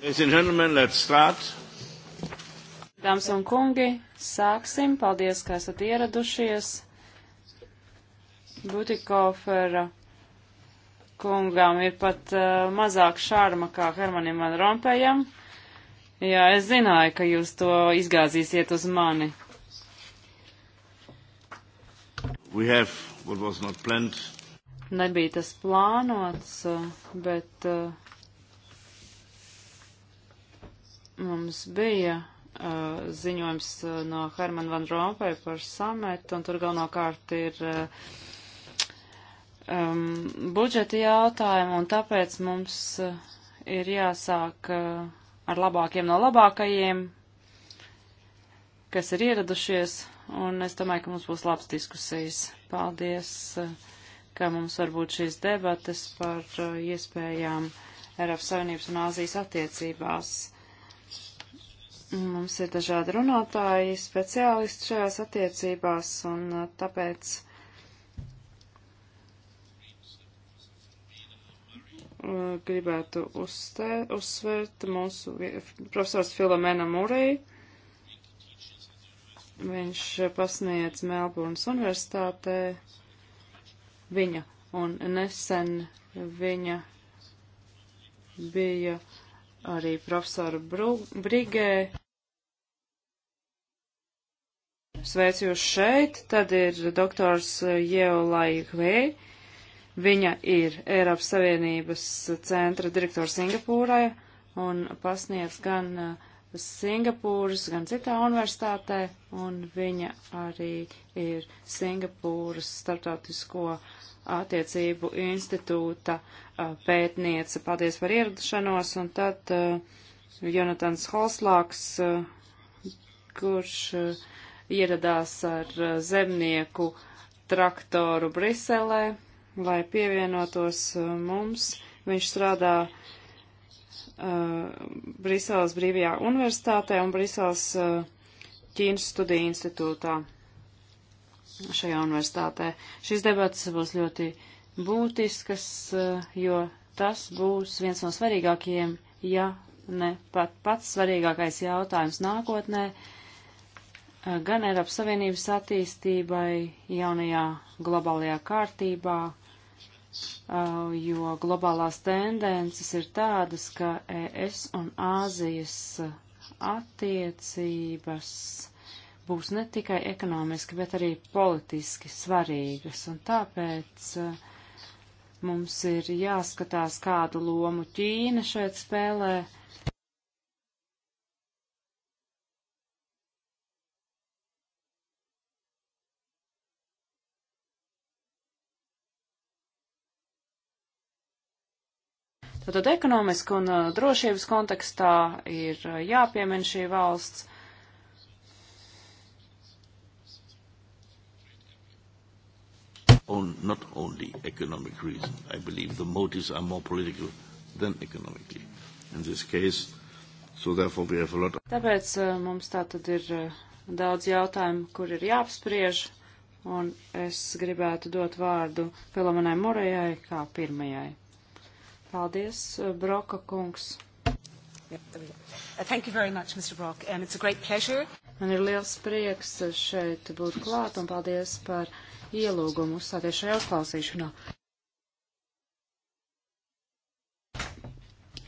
Ladies and gentlemen, let's start. Dāmas un kungi, sāksim. Paldies, ka esat ieradušies. Butikofera kungām ir pat uh, mazāk šārma kā Hermanim Van Rompējam. Jā, es zināju, ka jūs to izgāzīsiet uz mani. Have, Nebija tas plānots, uh, bet uh, mums bija uh, ziņojums uh, no Hermana Van Rompēja par sametu, un tur galvenokārt ir uh, um, budžeta jautājumu, un tāpēc mums uh, ir jāsāk uh, ar labākiem no labākajiem, kas ir ieradušies, un es domāju, ka mums būs labs diskusijas. Paldies, uh, ka mums var būt šīs debates par iespējām Eiropas Savienības un Āzijas attiecībās. Mums ir dažādi runātāji, speciālisti šajās attiecībās, un tāpēc gribētu uzstē, uzsvērt mūsu profesors Filomena Murei. Viņš pasniedz Melburnas universitātē viņa, un nesen viņa bija arī profesora Brigē. Sveicu jūs šeit, tad ir doktors Jeo Lai Hvei Viņa ir Eiropas Savienības centra direktora Singapūrai un pasniedz gan uh, Singapūras, gan citā universitātē, un viņa arī ir Singapūras starptautisko attiecību institūta uh, pētniece. Paldies par ieradušanos, un tad uh, Jonatans Holslāks, kurš ieradās ar zemnieku traktoru Briselē lai pievienotos uh, mums. Viņš strādā uh, Briseles Brīvajā universitātē un Briseles uh, Ķīnas studiju institūtā šajā universitātē. Šis debats būs ļoti būtisks, uh, jo tas būs viens no svarīgākajiem, ja ne pat pats svarīgākais jautājums nākotnē, uh, gan Eiropas Savienības attīstībai, jaunajā globālajā kārtībā, Uh, jo globālās tendences ir tādas, ka ES un Āzijas attiecības būs ne tikai ekonomiski, bet arī politiski svarīgas, un tāpēc uh, mums ir jāskatās, kādu lomu Ķīna šeit spēlē Bet tad ekonomiski un uh, drošības kontekstā ir uh, jāpiemina šī valsts. On, not only economic reason. I believe the motives are more political than economically in this case. So therefore we have a lot of... Tāpēc uh, mums tā tad ir daudz jautājumu, kur ir jāapspriež, un es gribētu dot vārdu Filomenai Morejai kā pirmajai. Paldies, eh, Broka kungs. Thank you very much, Mr. Brock, and um, it's a great pleasure. Man ir liels prieks eh, šeit būt klāt un paldies par ielūgumu uzstāties šajā uzklausīšanā.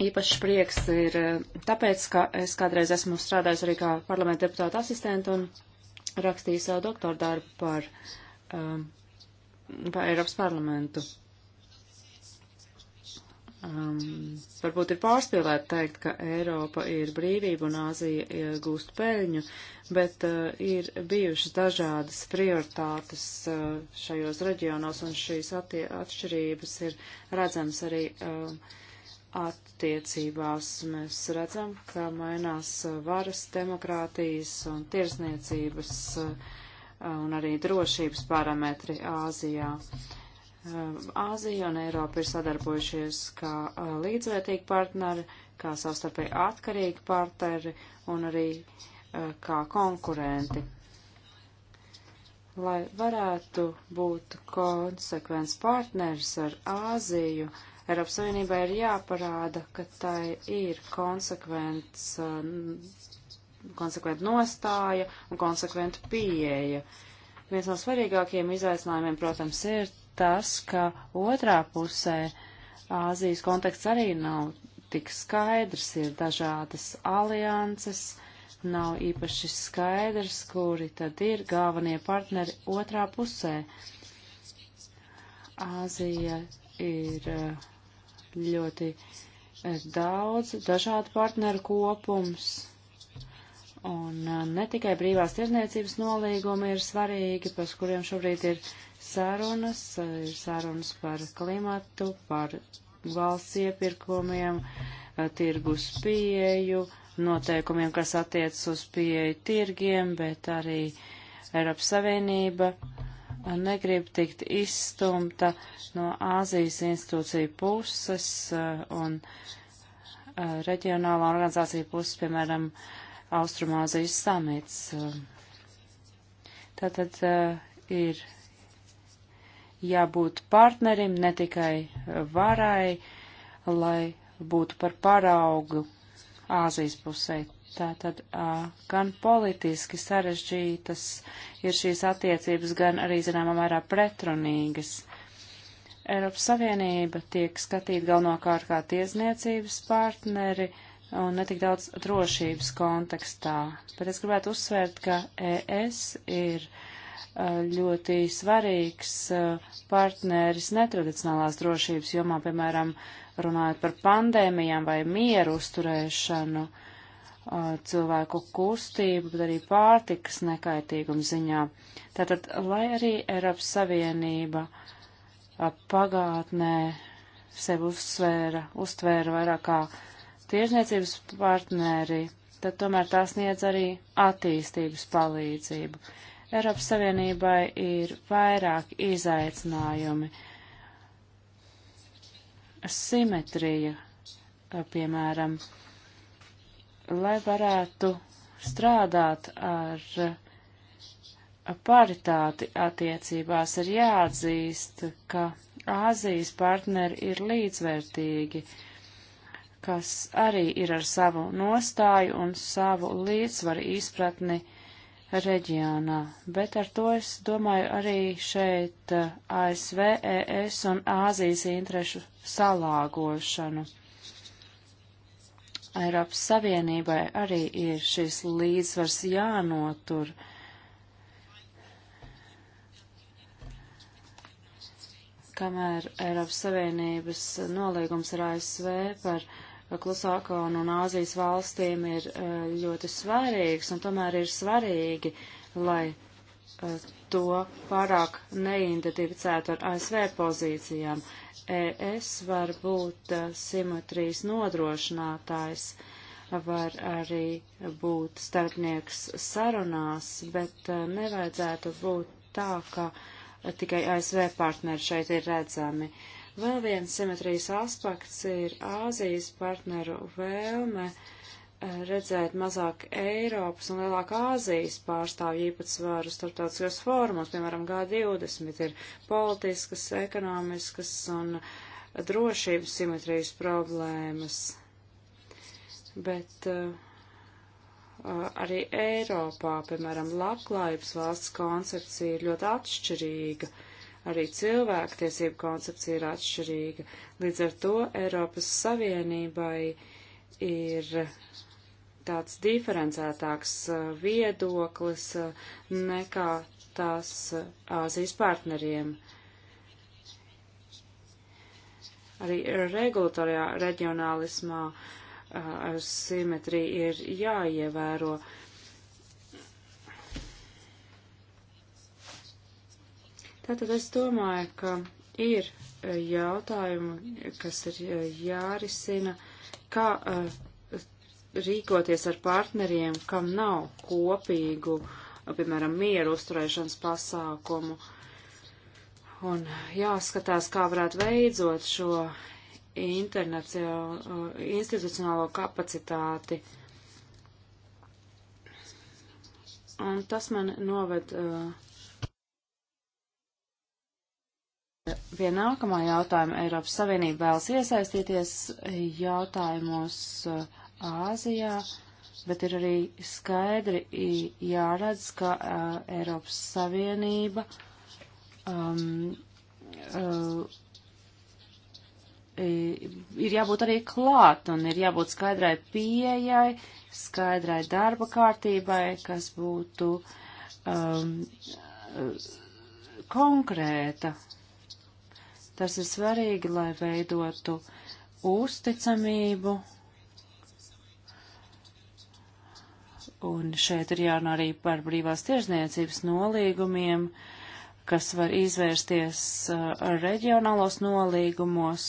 Īpašs prieks ir eh, tāpēc, ka es kādreiz esmu strādājis arī kā parlamenta deputāta asistenta un rakstīju savu doktora darbu par, um, par Eiropas parlamentu. Um, varbūt ir pārspīlēt teikt, ka Eiropa ir brīvība un Āzija gūst peļņu, bet uh, ir bijušas dažādas prioritātes uh, šajos reģionos, un šīs atšķirības ir redzams arī uh, attiecībās. Mēs redzam, ka mainās uh, varas, demokrātijas un tirsniecības uh, un arī drošības parametri Āzijā. Uh, Um, Āzija un Eiropa ir sadarbojušies kā uh, līdzvērtīgi partneri, kā savstarpēji atkarīgi partneri un arī uh, kā konkurenti. Lai varētu būt konsekvents partners ar Āziju, Eiropas Savienībai ir jāparāda, ka tai ir konsekvents, uh, konsekventa nostāja un konsekventa pieeja. Viens no svarīgākajiem izaicinājumiem, protams, ir tas, ka otrā pusē Āzijas konteksts arī nav tik skaidrs, ir dažādas alianses, nav īpaši skaidrs, kuri tad ir galvenie partneri otrā pusē. Āzija ir eh, ļoti eh, daudz dažādu partneru kopums, un eh, ne tikai brīvās tirzniecības nolīgumi ir svarīgi, pēc kuriem šobrīd ir sarunas, eh, ir sarunas par klimatu, par valsts iepirkumiem, eh, tirgus pieeju, noteikumiem, kas attiec uz pieeju tirgiem, bet arī Eiropas Savienība eh, negrib tikt izstumta no Āzijas institūciju puses un reģionālā organizācija puses, piemēram, Austrumāzijas samits. Tātad ir jābūt partnerim, ne tikai varai, lai būtu par paraugu Āzijas pusē. Tātad gan politiski sarežģītas ir šīs attiecības, gan arī zināmā mērā pretrunīgas. Eiropas Savienība tiek skatīta galvenokārt kā tiesniecības partneri un netik daudz drošības kontekstā. Bet es gribētu uzsvērt, ka ES ir uh, ļoti svarīgs uh, partneris netradicionālās drošības jomā, piemēram, runājot par pandēmijām vai mieru uzturēšanu, uh, cilvēku kustību, bet arī pārtikas nekaitīgumu ziņā. Tātad, lai arī Eiropas Savienība uh, pagātnē sevi uzsvēra, uztvēra vairāk kā tiešniecības partneri, tad tomēr tās sniedz arī attīstības palīdzību. Eiropas Savienībai ir vairāk izaicinājumi. Simetrija, piemēram, lai varētu strādāt ar paritāti attiecībās, ir jāatzīst, ka Āzijas partneri ir līdzvērtīgi, kas arī ir ar savu nostāju un savu līdzsvaru izpratni uh, reģionā, bet ar to es domāju arī šeit eh, ASV, ES un Āzijas interešu salāgošanu. Eiropas Savienībai arī ir šis līdzsvars jānotur. Kamēr Eiropas Savienības nolīgums ar ASV par uh, klusāko un, un Āzijas valstīm ir eh, ļoti svarīgs, un tomēr ir svarīgi, lai eh, to pārāk neidentificētu ar ASV pozīcijām. ES var būt eh, simetrijas nodrošinātājs, var arī būt starpnieks sarunās, bet nevajadzētu būt tā, ka tikai ASV partneri šeit ir redzami. Uh, Vēl viens simetrijas aspekts ir Āzijas partneru vēlme eh, redzēt mazāk Eiropas un lielāk Āzijas pārstāvju īpatsvaru starptautiskos formos, piemēram, G20 ir politiskas, ekonomiskas un drošības simetrijas problēmas. Bet uh, arī Eiropā, piemēram, labklājības valsts koncepcija ir ļoti atšķirīga. Uh, arī cilvēktiesību koncepcija ir atšķirīga. Līdz ar to Eiropas Savienībai ir tāds diferencētāks uh, viedoklis uh, nekā tās uh, Āzijas partneriem. Arī regulatorijā reģionālismā simetrija ir jāievēro. Uh, Tātad es domāju, ka ir e, jautājumi, kas ir e, jārisina, kā e, rīkoties ar partneriem, kam nav kopīgu, piemēram, mieru uzturēšanas pasākumu. Un jāskatās, kā varētu veidzot šo institucionālo kapacitāti. Un tas man noved uh, Pie nākamā jautājuma Eiropas Savienība vēlas iesaistīties jautājumos uh, Āzijā, bet ir arī skaidri jāredz, ka uh, Eiropas Savienība um, uh, ir jābūt arī klāt un ir jābūt skaidrai pieejai, skaidrai darba kārtībai, kas būtu um, uh, konkrēta Tas ir svarīgi, lai veidotu uzticamību. Un šeit ir jārunā arī par brīvās tiežniecības nolīgumiem, kas var izvērsties uh, reģionālos nolīgumos,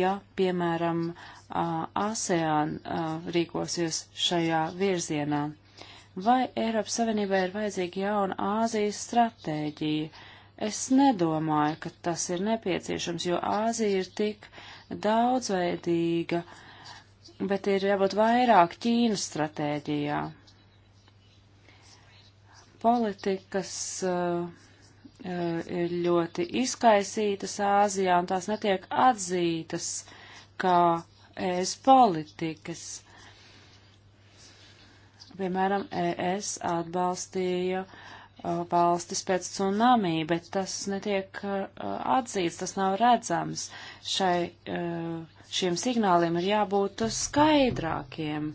ja, piemēram, uh, ASEAN uh, rīkosies šajā virzienā. Vai Eiropas Savienībai ir vajadzīga jauna Āzijas stratēģija? Es nedomāju, ka tas ir nepieciešams, jo Āzija ir tik daudzveidīga, bet ir jābūt vairāk Ķīnas stratēģijā. Politikas uh, ir ļoti izkaisītas Āzijā un tās netiek atzītas kā ES politikas. Piemēram, ES atbalstīja uh, Uh, valstis pēc tsunami, bet tas netiek uh, atzīts, tas nav redzams. Šai, uh, šiem signāliem ir jābūt skaidrākiem.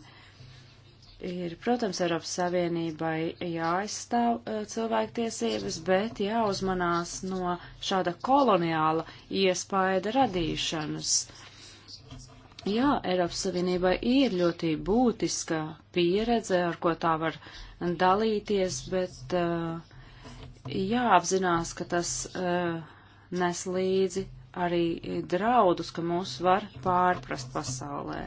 Ir, protams, Eiropas Savienībai jāaizstāv cilvēktiesības, bet jāuzmanās no šāda koloniāla iespaida radīšanas. Uh, Jā, Eiropas Savienībai ir ļoti būtiska pieredze, ar ko tā var dalīties, bet uh, jāapzinās, ka tas uh, nes līdzi arī draudus, ka mūs var pārprast pasaulē.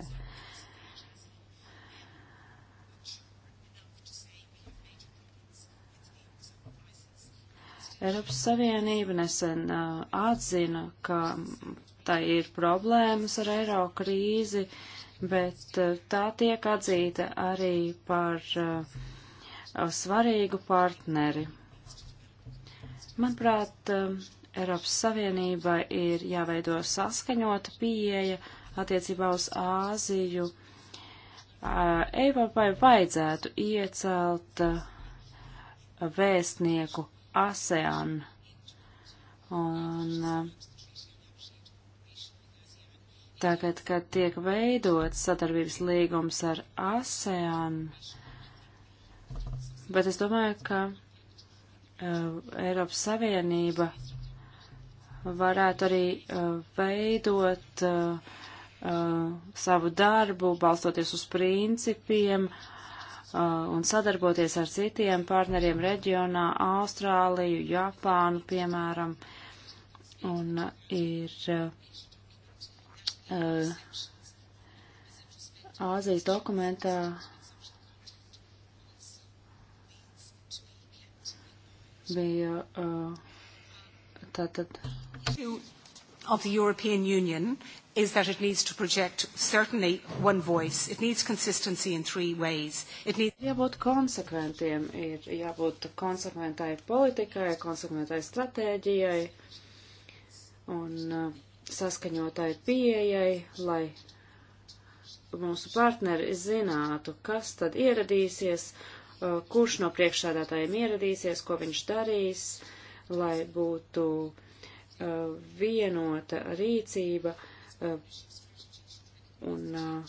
Eiropas Savienība nesen uh, atzina, ka tai ir problēmas ar eiro krīzi, bet eh, tā tiek atzīta arī par eh, svarīgu partneri. Manuprāt, eh, Eiropas Savienība ir jāveido saskaņota pieeja attiecībā uz Āziju. Eiropai vajadzētu iecelt vēstnieku ASEAN. Un Tagad, kad tiek veidots sadarbības līgums ar ASEAN, bet es domāju, ka uh, Eiropas Savienība varētu arī uh, veidot uh, uh, savu darbu, balstoties uz principiem uh, un sadarboties ar citiem partneriem reģionā, Austrāliju, Japānu, piemēram, un uh, ir. Uh, Uh, Āzijas dokumentā bija uh, tātad. Of the European Union is that it needs to project certainly one voice. It needs consistency in three ways. It needs jābūt konsekventiem, ir jābūt konsekventai politikai, konsekventai stratēģijai. Un uh, saskaņotai pieejai, lai mūsu partneri zinātu, kas tad ieradīsies, uh, kurš no priekšsādātājiem ieradīsies, ko viņš darīs, lai būtu uh, vienota rīcība uh, un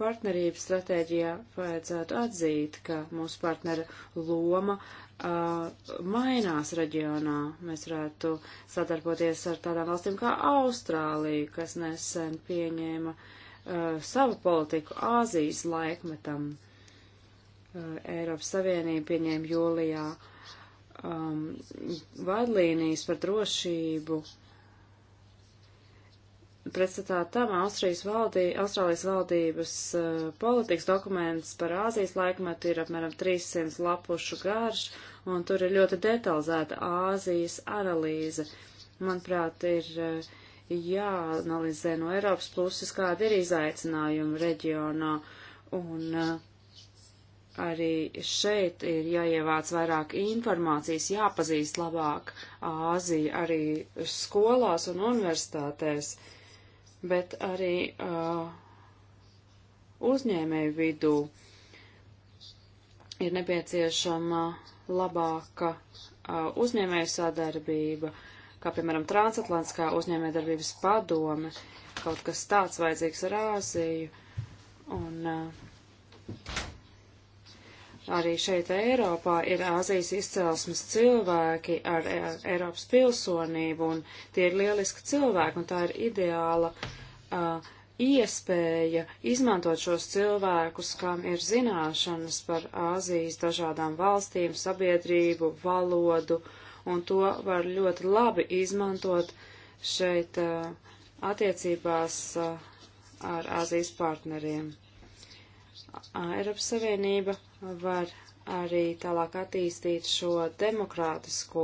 partnerības stratēģijā vajadzētu atzīt, ka mūsu partnera loma uh, mainās reģionā. Mēs varētu sadarboties ar tādām valstīm kā Austrālija, kas nesen pieņēma uh, savu politiku Āzijas laikmetam. Uh, Eiropas Savienība pieņēma jūlijā um, vadlīnijas par drošību pretstatā tam Austrijas valdī, Austrālijas valdības uh, politikas dokuments par Āzijas laikmetu ir apmēram 300 lapušu garš, un tur ir ļoti detalizēta Āzijas analīze. Manuprāt, ir uh, jāanalizē no Eiropas puses, kāda ir izaicinājuma reģionā, un uh, arī šeit ir jāievāc vairāk informācijas, jāpazīst labāk Āziju arī skolās un universitātēs. Uh, bet arī uh, uzņēmēju vidū ir nepieciešama labāka uh, uzņēmēju sadarbība, kā piemēram transatlantiskā uzņēmējdarbības padome, kaut kas tāds vajadzīgs ar Āziju. Un, uh, Arī šeit Eiropā ir Āzijas izcelsmes cilvēki ar, e, ar Eiropas pilsonību, un tie ir lieliski cilvēki, un tā ir ideāla uh, iespēja izmantot šos cilvēkus, kam ir zināšanas par Āzijas dažādām valstīm, sabiedrību, valodu, un to var ļoti labi izmantot šeit uh, attiecībās uh, ar Āzijas partneriem. Eiropas Savienība var arī tālāk attīstīt šo demokrātisko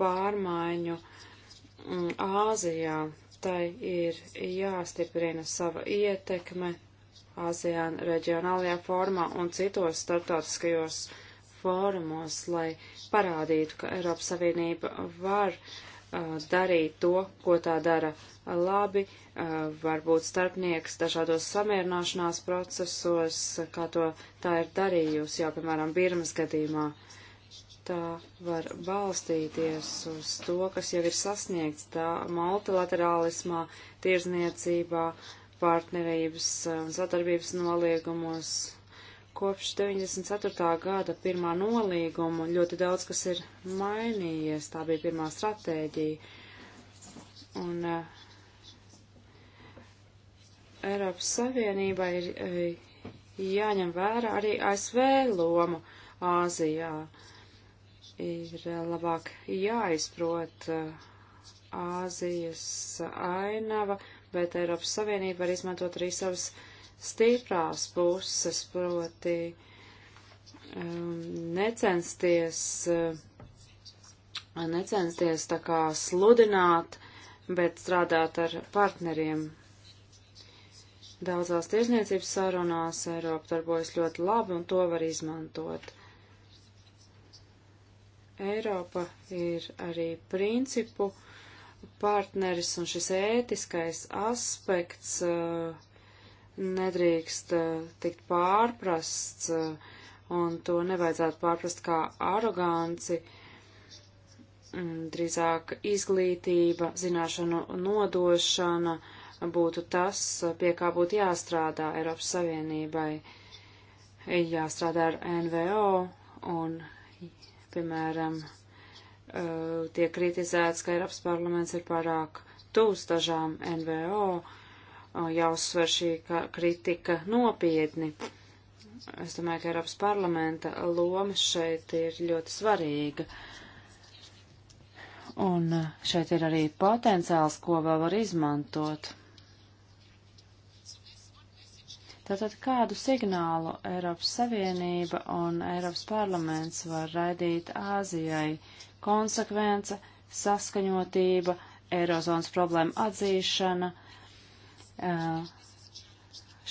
pārmaiņu mm, Āzijā. Tai ir jāstiprina sava ietekme ASEAN reģionālajā formā un citos starptautiskajos fórumos, lai parādītu, ka Eiropas Savienība var uh, darīt to, ko tā dara labi, varbūt starpnieks dažādos samierināšanās procesos, kā to tā ir darījusi jau, piemēram, Birmas gadījumā. Tā var balstīties uz to, kas jau ir sasniegts tā multilaterālismā, tirzniecībā, partnerības un sadarbības noliegumos, Kopš 94. gada pirmā nolīguma ļoti daudz kas ir mainījies. Tā bija pirmā stratēģija. Un uh, Eiropas Savienībai ir uh, jāņem vērā arī ASV loma Āzijā. Ir uh, labāk jāizprot uh, Āzijas ainava, bet Eiropas Savienība var izmantot arī savas uh, stiprās puses, proti um, necensties, uh, necensties tā kā sludināt, bet strādāt ar partneriem. Daudzās tirzniecības sarunās Eiropa darbojas ļoti labi un to var izmantot. Eiropa ir arī principu partneris un šis ētiskais aspekts uh, nedrīkst eh, tikt pārprasts, eh, un to nevajadzētu pārprast kā aroganci, mm, drīzāk izglītība, zināšanu nodošana būtu tas, eh, pie kā būtu jāstrādā Eiropas Savienībai, jāstrādā ar NVO un, piemēram, tiek kritizēts, ka Eiropas parlaments ir pārāk tūs dažām NVO, jāuzsver šī kritika nopietni. Es domāju, ka Eiropas parlamenta loma šeit ir ļoti svarīga. Un e, šeit ir arī potenciāls, ko vēl var izmantot. Tātad kādu signālu Eiropas Savienība un Eiropas parlaments var raidīt Āzijai? Konsekvence, saskaņotība, Eirozonas problēma atzīšana –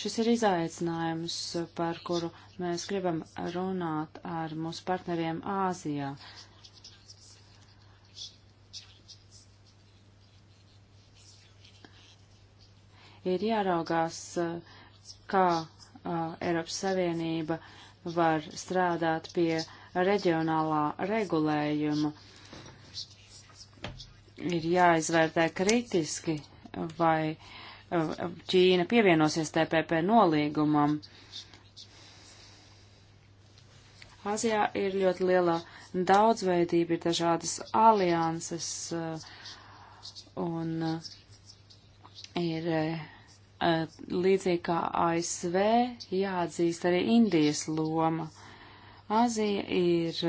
Šis ir izaicinājums, par kuru mēs gribam runāt ar mūsu partneriem Āzijā. Ir jāraugās, kā Eiropas Savienība var strādāt pie reģionālā regulējuma. Ir jāizvērtē kritiski, vai uh, Ķīna pievienosies TPP nolīgumam. Azijā ir ļoti liela daudzveidība, ir dažādas alianses uh, un uh, ir uh, līdzīgi kā ASV jāatzīst arī Indijas loma. Azija ir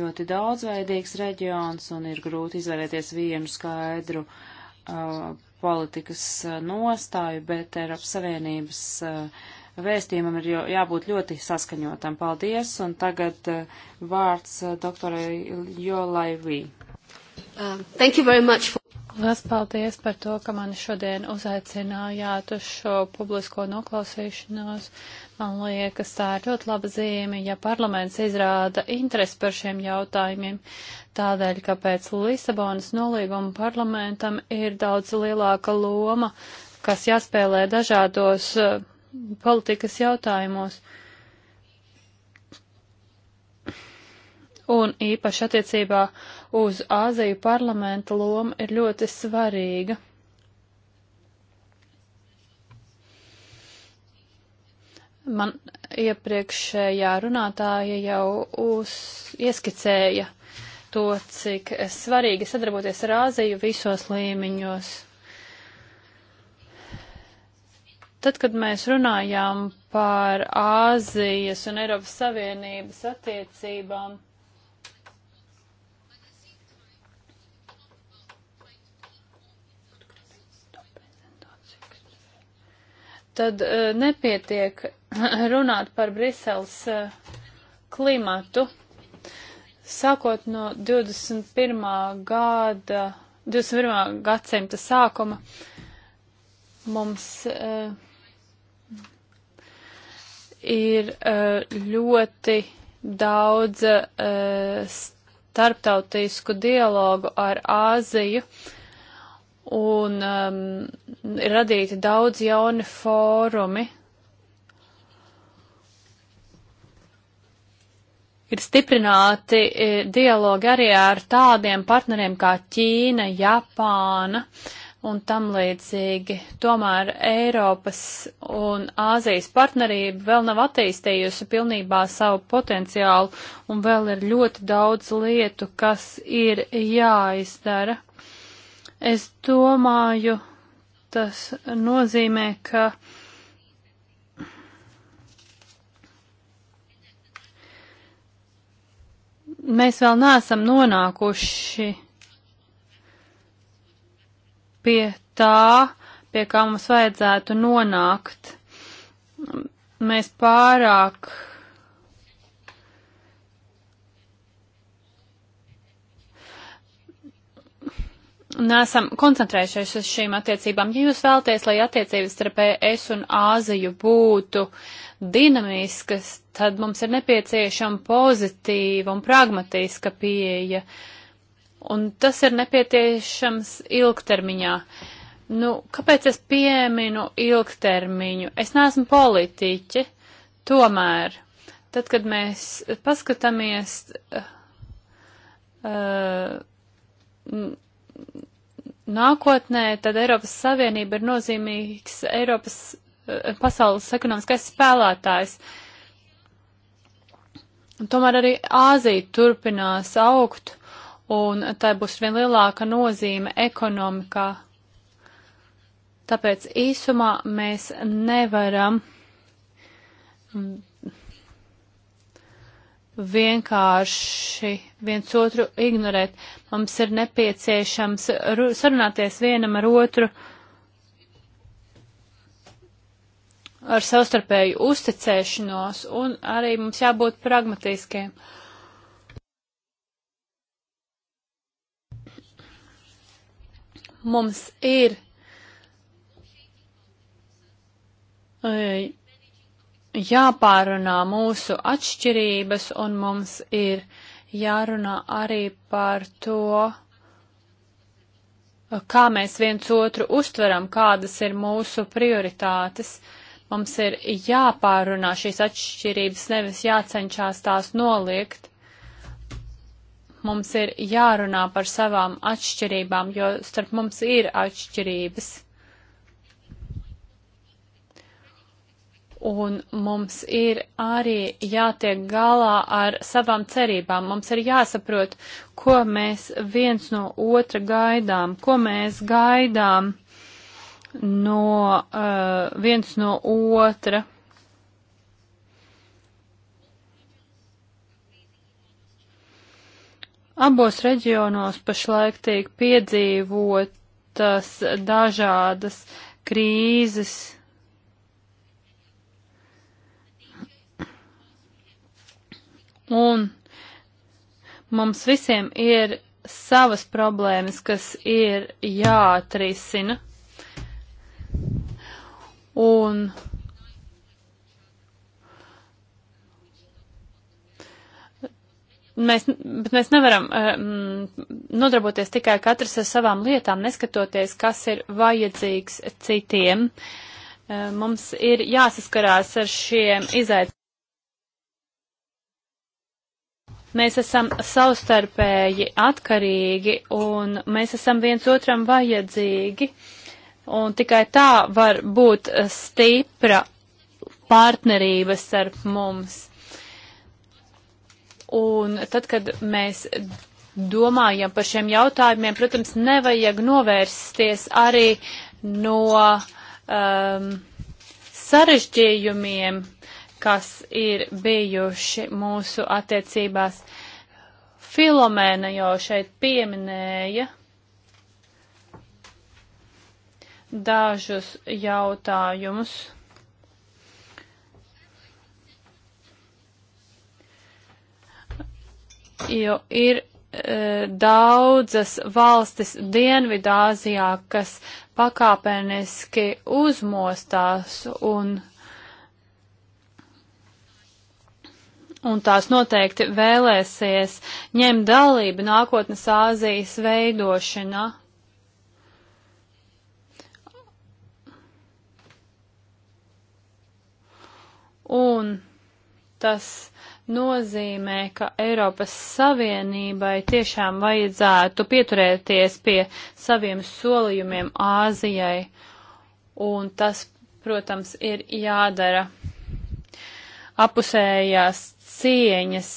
ļoti daudzveidīgs reģions un ir grūti izvēlēties vienu skaidru uh, Uh, politikas uh, nostāju, bet Eiropas Savienības uh, vēstījumam ir jābūt ļoti saskaņotam. Paldies, un tagad vārds doktorai Jolaivī. Uh, thank you very much for Lielas paldies par to, ka mani šodien uzaicinājāt uz šo publisko noklausīšanos. Man liekas, tā ir ļoti laba zīme, ja parlaments izrāda interesi par šiem jautājumiem, tādēļ, ka pēc Lisabonas nolīguma parlamentam ir daudz lielāka loma, kas jāspēlē dažādos uh, politikas jautājumos. Un īpaši attiecībā uz Āziju parlamenta loma ir ļoti svarīga. Man iepriekšējā runātāja jau uz, ieskicēja to, cik svarīgi sadarboties ar Āziju visos līmeņos. Tad, kad mēs runājām par Āzijas un Eiropas Savienības attiecībām, tad uh, nepietiek runāt par Briseles uh, klimatu. Sākot no 21. gada, 21. gadsimta sākuma mums uh, ir uh, ļoti daudz uh, starptautisku dialogu ar Āziju. Uh, un um, ir radīti daudz jauni fórumi. Ir stiprināti e, dialogi arī ar tādiem partneriem kā Ķīna, Japāna un tam līdzīgi. Tomēr Eiropas un Āzijas partnerība vēl nav attīstījusi pilnībā savu potenciālu un vēl ir ļoti daudz lietu, kas ir jāizdara. Es domāju, tas nozīmē, ka mēs vēl neesam nonākuši pie tā, pie kā mums vajadzētu nonākt. Mēs pārāk nesam koncentrējušies uz šīm attiecībām. Ja jūs vēlaties, lai attiecības starp ES un Āziju būtu dinamiskas, tad mums ir nepieciešama pozitīva un pragmatiska pieeja. Un tas ir nepieciešams ilgtermiņā. Nu, kāpēc es pieminu ilgtermiņu? Es neesmu politiķe, tomēr, tad, kad mēs paskatāmies uh, uh, nākotnē, tad Eiropas Savienība ir nozīmīgs Eiropas eh, pasaules ekonomiskais spēlētājs. Tomēr arī Āzija turpinās augt, un tai būs vien lielāka nozīme ekonomikā. Tāpēc īsumā mēs nevaram mm, vienkārši viens otru ignorēt. Mums ir nepieciešams sarunāties vienam ar otru ar savstarpēju uzticēšanos un arī mums jābūt pragmatiskiem. Mums ir jāpārunā mūsu atšķirības un mums ir uh, jārunā arī par to, kā mēs viens otru uztveram, kādas ir mūsu prioritātes. Mums ir jāpārunā šīs atšķirības, nevis jācenšās tās noliegt. Mums ir jārunā par savām atšķirībām, jo starp mums ir atšķirības. Un mums ir arī jātiek galā ar savām cerībām. Mums ir jāsaprot, ko mēs viens no otra gaidām, ko mēs gaidām no uh, viens no otra. Abos reģionos pašlaik tiek piedzīvotas dažādas krīzes. Un mums visiem ir savas problēmas, kas ir jāatrisina. Un mēs, bet mēs nevaram um, nodarboties tikai katrs ar savām lietām, neskatoties, kas ir vajadzīgs citiem. Um, mums ir jāsaskarās ar šiem izaicinājumiem. Mēs esam savstarpēji atkarīgi un mēs esam viens otram vajadzīgi. Un tikai tā var būt stipra partnerība starp mums. Un tad, kad mēs domājam par šiem jautājumiem, protams, nevajag novērsties arī no um, sarežģījumiem, kas ir bijuši mūsu attiecībās. Filomēna jau šeit pieminēja dažus jautājumus. Jo ir e, daudzas valstis Dienvidāzijā, kas pakāpeniski uzmostās un un tās noteikti vēlēsies ņemt dalību nākotnes Āzijas veidošanā. Un tas nozīmē, ka Eiropas Savienībai tiešām vajadzētu pieturēties pie saviem solījumiem Āzijai, un tas, protams, ir jādara apusējās cieņas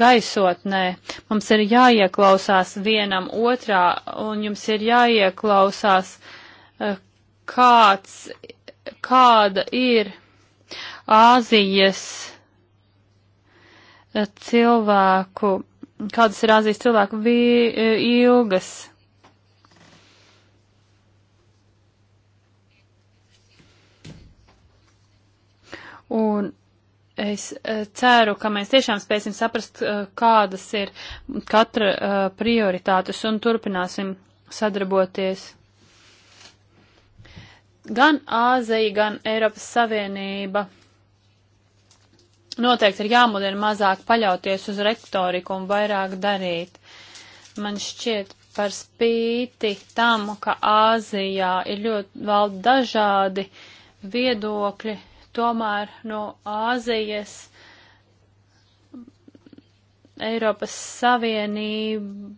gaisotnē. Mums ir jāieklausās vienam otrā, un jums ir jāieklausās, eh, kāds, kāda ir Āzijas eh, cilvēku, kādas ir Āzijas cilvēku eh, ilgas. Un Es e, ceru, ka mēs tiešām spēsim saprast, e, kādas ir katra e, prioritātes un turpināsim sadarboties. Gan Āzija, gan Eiropas Savienība noteikti ir jāmudina mazāk paļauties uz rektoriku un vairāk darīt. Man šķiet, par spīti tam, ka Āzijā ir ļoti vēl dažādi viedokļi, tomēr no Āzijas Eiropas Savienībai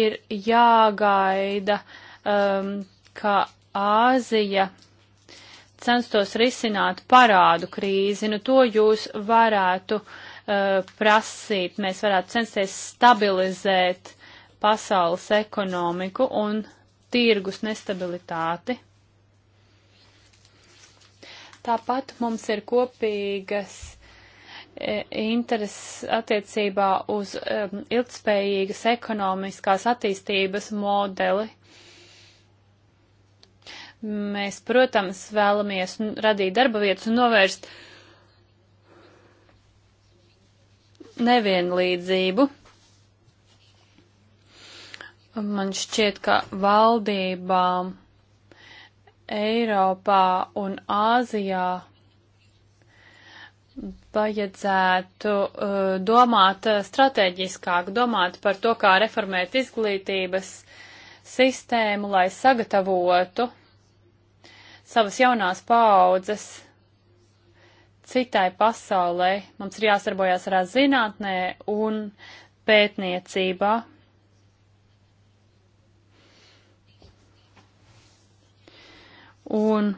ir jāgaida, um, ka Āzija censtos risināt parādu krīzi. Nu, to jūs varētu uh, prasīt. Mēs varētu censties stabilizēt pasaules ekonomiku un tirgus nestabilitāti. Tāpat mums ir kopīgas e, intereses attiecībā uz um, ilgspējīgas ekonomiskās attīstības modeli. Mēs, protams, vēlamies radīt darba vietas un novērst nevienlīdzību. Man šķiet, ka valdībām. Um, Eiropā un Āzijā vajadzētu uh, domāt eh, strateģiskāk, domāt par to, kā reformēt izglītības sistēmu, lai sagatavotu savas jaunās paaudzes citai pasaulē. Mums ir jāsarbojas ar zinātnē un pētniecībā. Un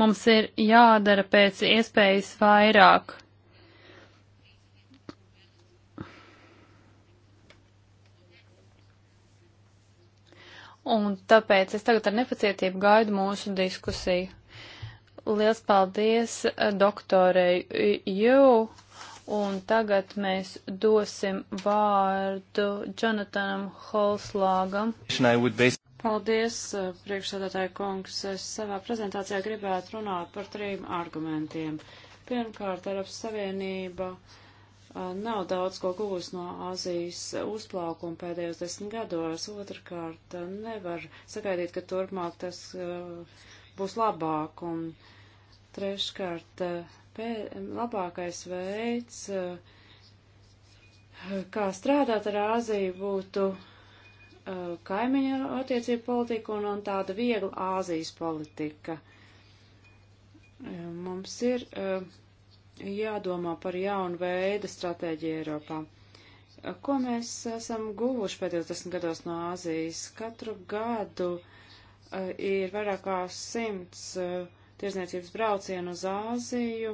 mums ir jādara pēc iespējas vairāk. Un tāpēc es tagad ar nepacietību gaidu mūsu diskusiju. Liels paldies eh, doktorei Jū Un tagad mēs dosim vārdu Jonatanam Holslāgam. Paldies, eh, priekšsēdētāja kungs. Es savā prezentācijā gribētu runāt par trim argumentiem. Pirmkārt, Eiropas Savienība eh, nav daudz ko gūs no Azijas uzplaukuma pēdējos desmit gados. Otrakārt, eh, nevar sagaidīt, ka turpmāk tas būs labāk. Un treškārt, pēr, labākais veids, eh, kā strādāt ar Āziju, būtu eh, kaimiņa attiecību politika un, un tāda viegla Āzijas politika. Eh, mums ir jādomā par jaunu veidu stratēģiju Eiropā. Ko mēs esam guvuši pēdējos desmit gados no Āzijas? Katru gadu ir vairāk kā simts uh, tirzniecības braucienu uz Āziju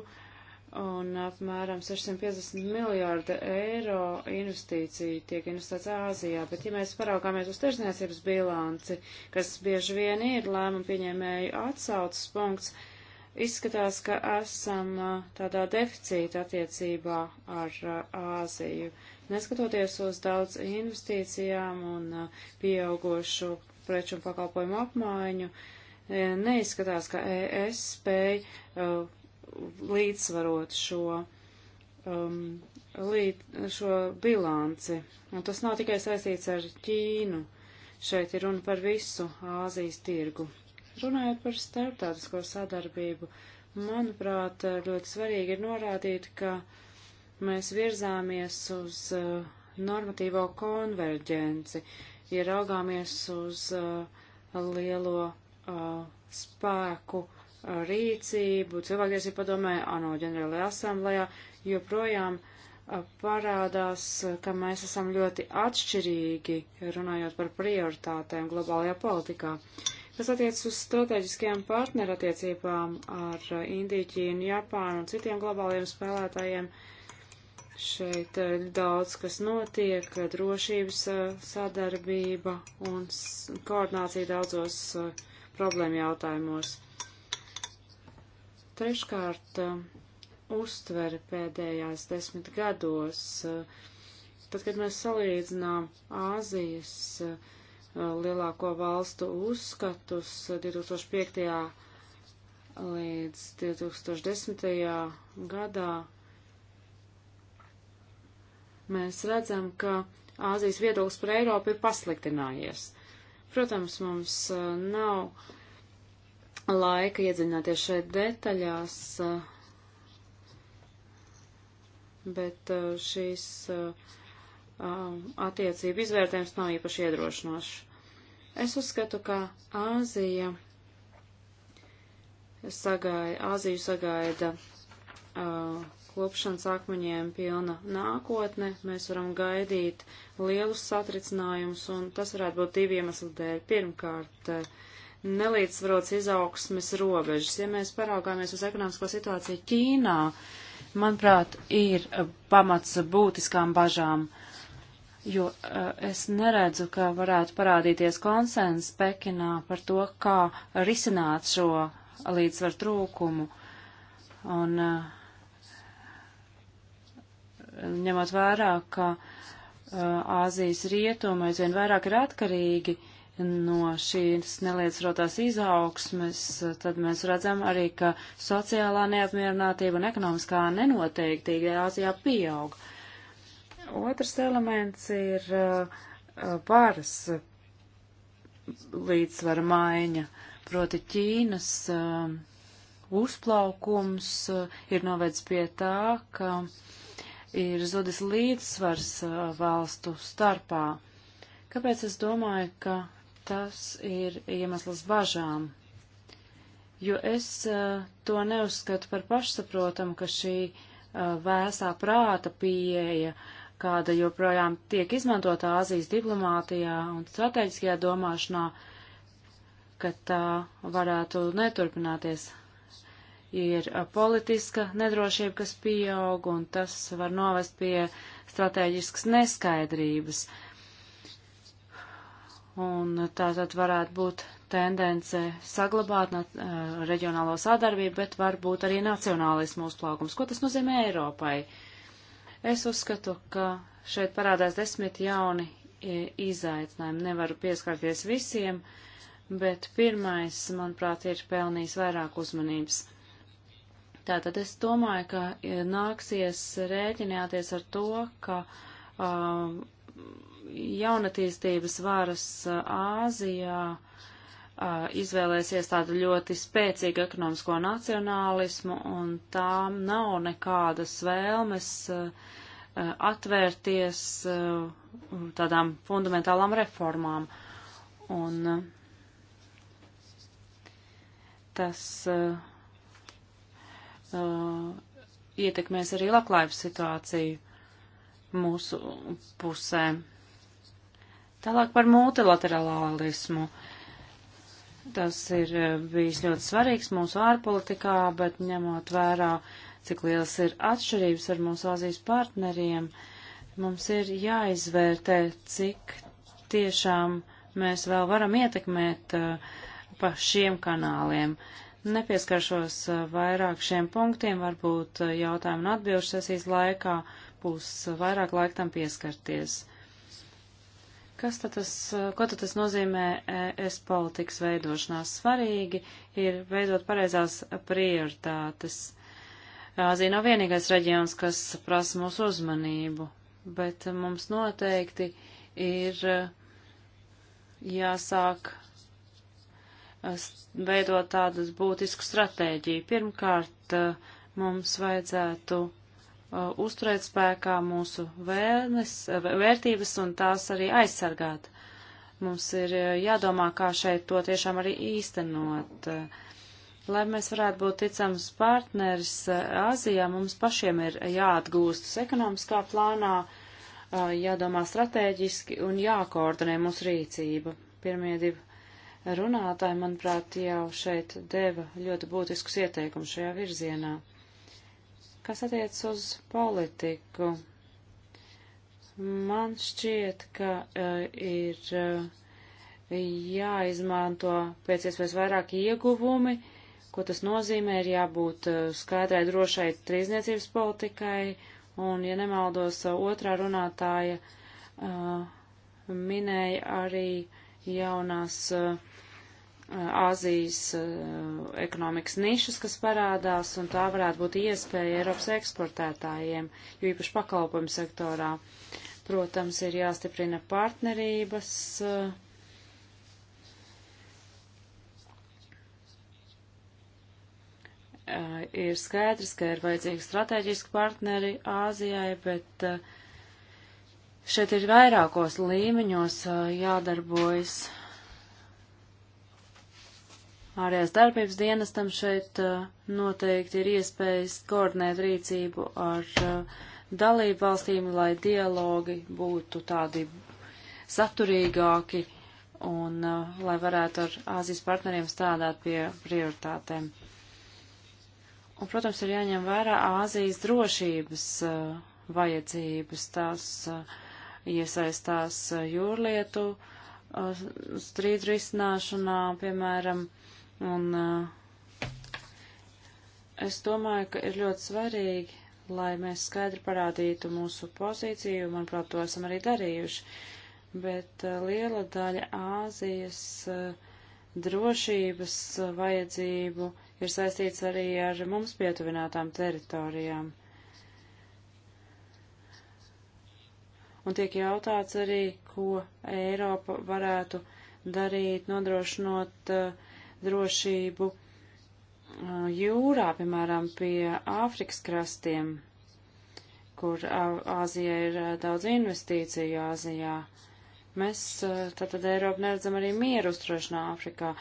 un apmēram 650 miljārda eiro investīciju tiek investēts Āzijā. Bet, ja mēs paraugāmies uz tirzniecības bilanci, kas bieži vien ir lēmumu pieņēmēju atsaucas punkts, izskatās, ka esam tādā deficīta attiecībā ar Āziju. Neskatoties uz daudz investīcijām un pieaugošu preču un pakalpojumu apmaiņu, uh, E, neizskatās, ka ES spēj uh, līdzsvarot šo, um, līd, šo bilanci. Un tas nav tikai saistīts ar Ķīnu. Šeit ir runa par visu Āzijas tirgu. Runājot par starptautisko sadarbību, manuprāt, ļoti svarīgi ir norādīt, ka mēs virzāmies uz uh, normatīvo konverģenci, ieraugāmies uz uh, lielo uh, spēku rīcību cilvēktiesību padomē, ANO ģenerālajā asamblējā, joprojām parādās, ka mēs esam ļoti atšķirīgi runājot par prioritātēm globālajā politikā. Kas attiec uz strateģiskajām partnerattiecībām ar Indiju, Ķīnu, Japānu un citiem globālajiem spēlētājiem, šeit ir daudz, kas notiek, drošības sadarbība un koordinācija daudzos uh, problēma jautājumos. Treškārt, uh, uztvere pēdējās desmit gados, uh, tad, kad mēs salīdzinām Āzijas uh, lielāko valstu uzskatus 2005. līdz 2010. gadā, mēs redzam, ka Āzijas viedoklis par Eiropu ir pasliktinājies. Protams, mums uh, nav laika iedzināties šeit detaļās, uh, bet uh, šīs um, attiecību izvērtējums nav īpaši iedrošinošs. Es uzskatu, ka Āzija sagaida, Āziju sagaida uh, klupšanas akmeņiem pilna nākotne, mēs varam gaidīt lielus satricinājumus, un tas varētu būt divi iemesli dēļ. Pirmkārt, nelīdzsvarots izaugsmes robežas. Ja mēs paraugāmies uz ekonomisko situāciju Ķīnā, manuprāt, ir e, pamats būtiskām bažām, jo e, es neredzu, ka varētu parādīties konsens Pekinā par to, kā risināt šo līdzsvaru trūkumu. Un uh, ņemot vērā, ka uh, Āzijas rietumi aizvien vairāk ir atkarīgi no šīs neliecerotās izaugsmes, tad mēs redzam arī, ka sociālā neapmierinātība un ekonomiskā nenoteiktība Āzijā pieaug. Otrs elements ir uh, varas līdzsvara maiņa, proti Ķīnas uh, uzplaukums ir novedis pie tā, ka uh, ir zudis līdzsvars uh, valstu starpā. Kāpēc es domāju, ka tas ir iemesls bažām? Jo es uh, to neuzskatu par pašsaprotamu, ka šī uh, vēsā prāta pieeja, kāda joprojām tiek izmantota Āzijas diplomātijā un strateģiskajā domāšanā, ka tā varētu neturpināties ir politiska nedrošība, kas pieaug, un tas var novest pie strateģiskas neskaidrības. Un tā tad varētu būt tendence saglabāt uh, reģionālo sadarbību, bet varbūt arī nacionālismu uzplaukums. Ko tas nozīmē Eiropai? Es uzskatu, ka šeit parādās desmit jauni izaicinājumi. Nevaru pieskarties visiem, bet pirmais, manuprāt, ir pelnījis vairāk uzmanības. Tātad es domāju, ka e, nāksies rēķināties ar to, ka um, jaunatīstības varas Āzijā uh, izvēlēsies tādu ļoti spēcīgu ekonomisko nacionālismu, un tām nav nekādas vēlmes uh, atvērties uh, tādām fundamentālām reformām. Un tas uh, Uh, ietekmēs arī laklājības situāciju mūsu pusē. Tālāk par multilaterālismu. Tas ir uh, bijis ļoti svarīgs mūsu ārpolitikā, bet ņemot vērā, cik liels ir atšķirības ar mūsu Azijas partneriem, mums ir jāizvērtē, cik tiešām mēs vēl varam ietekmēt uh, pa šiem kanāliem. Uh, Nepieskaršos eh, vairāk šiem punktiem, varbūt eh, jautājumu un atbilžu sesijas laikā būs eh, vairāk laika tam pieskarties. Kas tad tas, ko tad tas nozīmē es politikas veidošanā? Svarīgi ir veidot pareizās prioritātes. Āzija nav vienīgais reģions, kas prasa mūsu uzmanību, bet mums noteikti ir jāsāk veidot tādus būtisku stratēģiju. Pirmkārt, eh, mums vajadzētu eh, uzturēt spēkā mūsu vēlnes, vērtības un tās arī aizsargāt. Mums ir eh, jādomā, kā šeit to tiešām arī īstenot. Lai mēs varētu būt ticams partneris Āzijā, mums pašiem ir jāatgūstas ekonomiskā plānā, jādomā strateģiski un jākoordinē mūsu rīcība. Pirmie divi runātāji, manuprāt, jau šeit deva ļoti būtiskus ieteikumus šajā virzienā. Kas attiec uz politiku, man šķiet, ka uh, ir uh, jāizmanto pēc iespējas vairāk ieguvumi, ko tas nozīmē, ir jābūt uh, skaidrai drošai trīzniecības politikai, un, ja nemaldos, uh, otrā runātāja uh, minēja arī uh, jaunās eh, Āzijas eh, ekonomikas nišas, kas parādās, un tā varētu būt iespēja Eiropas eksportētājiem, jo īpaši pakalpojumu sektorā. Protams, ir jāstiprina partnerības. Eh, ir skaidrs, ka ir vajadzīgi strateģiski partneri Āzijai, bet uh, Šeit ir vairākos līmeņos jādarbojas. Ārējās darbības dienestam šeit noteikti ir iespējas koordinēt rīcību ar dalību valstīm, lai dialogi būtu tādi saturīgāki un lai varētu ar Āzijas partneriem strādāt pie prioritātēm. Un, protams, ir jāņem vērā Āzijas drošības vajadzības, tās uh, iesaistās uh, jūrlietu uh, strīdu risināšanā, piemēram, un uh, es domāju, ka ir ļoti svarīgi, lai mēs skaidri parādītu mūsu pozīciju, manuprāt, to esam arī darījuši, bet liela daļa Āzijas drošības vajadzību ir saistīts arī ar mums pietuvinātām teritorijām. un tiek jautāts arī, ko Eiropa varētu darīt, nodrošinot uh, drošību uh, jūrā, piemēram, pie Āfrikas krastiem, kur Āzija ir uh, daudz investīciju Āzijā. Mēs tātad Eiropu neredzam arī mieru uzturēšanā Āfrikā.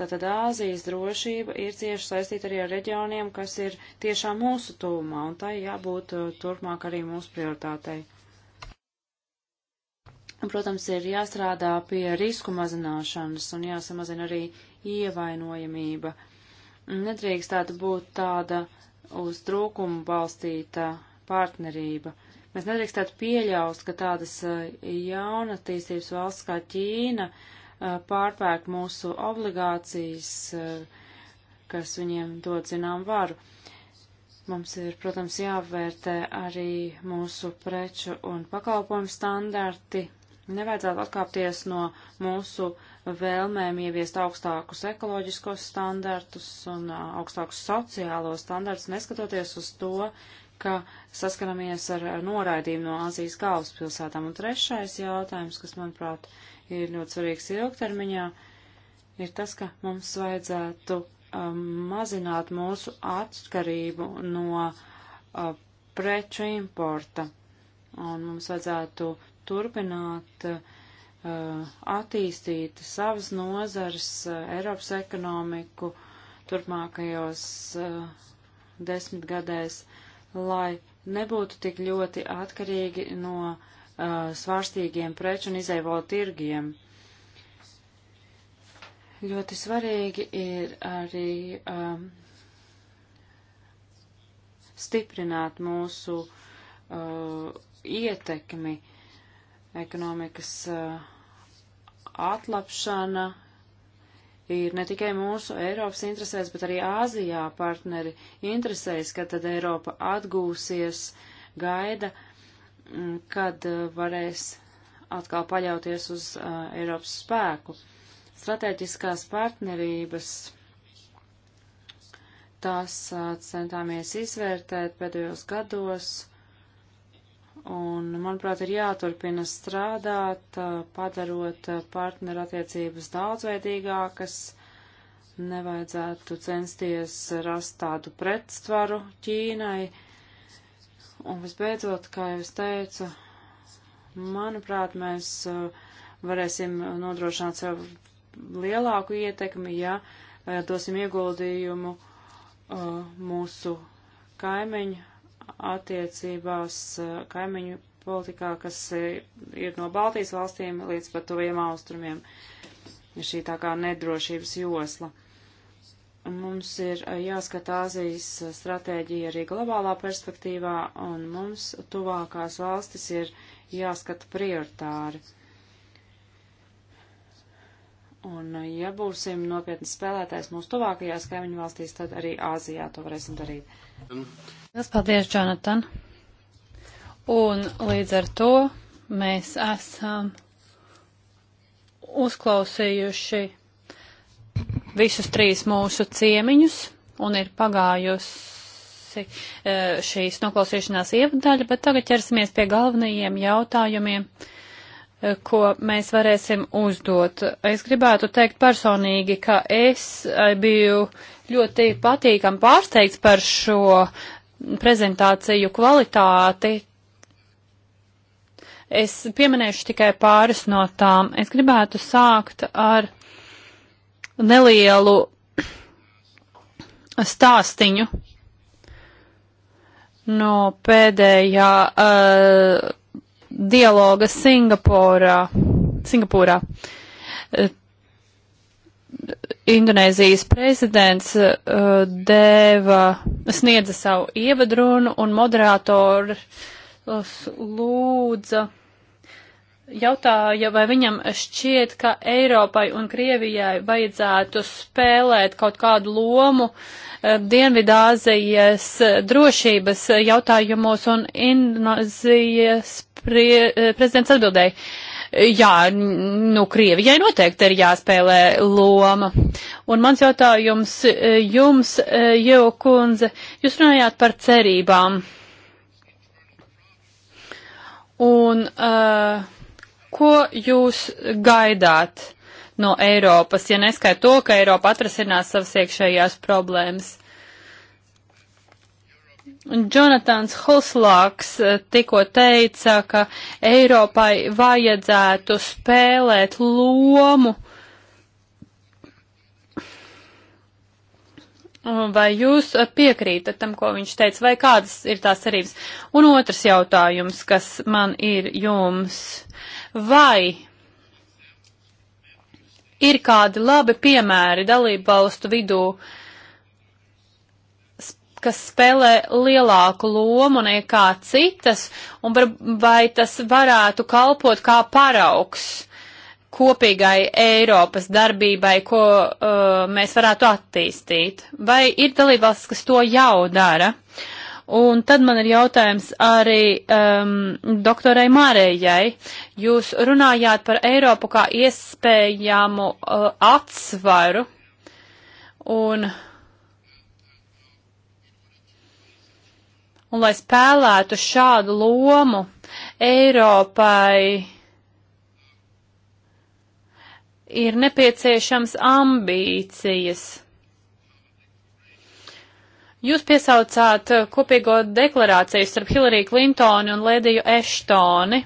Tātad Āzijas drošība ir cieši saistīta arī ar reģioniem, kas ir tiešām mūsu tūmā, un tai jābūt uh, turpmāk arī mūsu prioritātei. Protams, ir jāstrādā pie risku mazināšanas un jāsamazina arī ievainojamība. Nedrīkstētu būt tāda uz trūkumu balstīta partnerība. Mēs nedrīkstētu pieļaust, ka tādas uh, jaunatīstības valsts kā Ķīna uh, Eh, pārpērk mūsu obligācijas, eh, kas viņiem dod zinām varu. Mums ir, protams, jāvērtē arī mūsu preču un pakalpojumu standarti. Nevajadzētu atkāpties no mūsu vēlmēm ieviest augstākus ekoloģiskos standartus un eh, augstākus sociālos standartus, neskatoties uz to, ka saskaramies ar, ar noraidījumu no Azijas galvaspilsētām. Un trešais jautājums, kas, manuprāt, ir ļoti svarīgs ilgtermiņā, ir tas, ka mums vajadzētu um, mazināt mūsu atkarību no uh, preču importa. Un mums vajadzētu turpināt uh, attīstīt savas nozares, uh, Eiropas ekonomiku turpmākajos uh, desmitgadēs. Uh, lai nebūtu tik ļoti atkarīgi no uh, svārstīgiem preču un izēvolu tirgiem. Ļoti svarīgi ir arī um, stiprināt mūsu uh, ietekmi, ekonomikas uh, atlapšana ir ne tikai mūsu Eiropas interesēs, bet arī Āzijā partneri interesēs, ka tad Eiropa atgūsies, gaida, mm, kad eh, varēs atkal paļauties uz uh, Eiropas spēku. Stratēģiskās partnerības tās uh, eh, centāmies izvērtēt pēdējos gados Un, manuprāt, ir jāturpina strādāt, padarot partnerattiecības daudzveidīgākas, nevajadzētu censties rast tādu pretstvaru Ķīnai. Un visbeidzot, kā jau es teicu, manuprāt, mēs varēsim nodrošināt sev lielāku ietekmi, ja dosim ieguldījumu mūsu kaimiņu attiecībās eh, kaimiņu politikā, kas eh, ir no Baltijas valstīm līdz pat tuviem austrumiem. Ir šī tā kā nedrošības josla. Mums ir eh, jāskata Āzijas stratēģija arī globālā perspektīvā, un mums tuvākās valstis ir jāskata prioritāri. Un ja būsim nopietni spēlētājs mūsu tuvākajās kaimiņu valstīs, tad arī Āzijā to varēsim darīt. Mm. Lielas paldies, Jonathan! Un līdz ar to mēs esam uzklausījuši visus trīs mūsu ciemiņus un ir pagājusi e, šīs noklausīšanās ievadaļa, bet tagad ķersimies pie galvenajiem jautājumiem, e, ko mēs varēsim uzdot. Es gribētu teikt personīgi, ka es e, biju ļoti patīkam pārsteigts par šo prezentāciju kvalitāti. Es pieminēšu tikai pāris no tām. Es gribētu sākt ar nelielu stāstiņu no pēdējā uh, dialoga Singapūrā. Singapūrā. Eh, Indonēzijas prezidents uh, deva, sniedza savu ievadrunu un moderātori lūdza, jautāja, vai viņam šķiet, ka Eiropai un Krievijai vajadzētu spēlēt kaut kādu lomu uh, Dienvidāzijas drošības jautājumos un Indonēzijas pre eh, prezidents atbildēja jā, nu, Krievijai noteikti ir jāspēlē loma. Un mans jautājums e, jums, e, Jo kundze, jūs runājāt par cerībām. Un uh, ko jūs gaidāt no Eiropas, ja neskait to, ka Eiropa atrasinās savas iekšējās problēmas? Jonatans Huslāks eh, tikko teica, ka Eiropai vajadzētu spēlēt lomu. Vai jūs piekrītat tam, ko viņš teica, vai kādas ir tās cerības? Un otrs jautājums, kas man ir jums. Vai ir kādi labi piemēri dalību valstu vidū, uh, kas spēlē lielāku lomu nekā citas, un vai tas varētu kalpot kā paraugs kopīgai Eiropas darbībai, ko uh, mēs varētu attīstīt? Vai ir dalībvalstis, kas to jau dara? Un tad man ir jautājums arī um, doktorai Mārējai. Jūs runājāt par Eiropu kā iespējamu uh, atsvaru, un uh, Un lai spēlētu šādu lomu Eiropai ir nepieciešams ambīcijas. Jūs piesaucāt kopīgo deklarāciju starp Hillary Clintoni un Lediju Eštoni.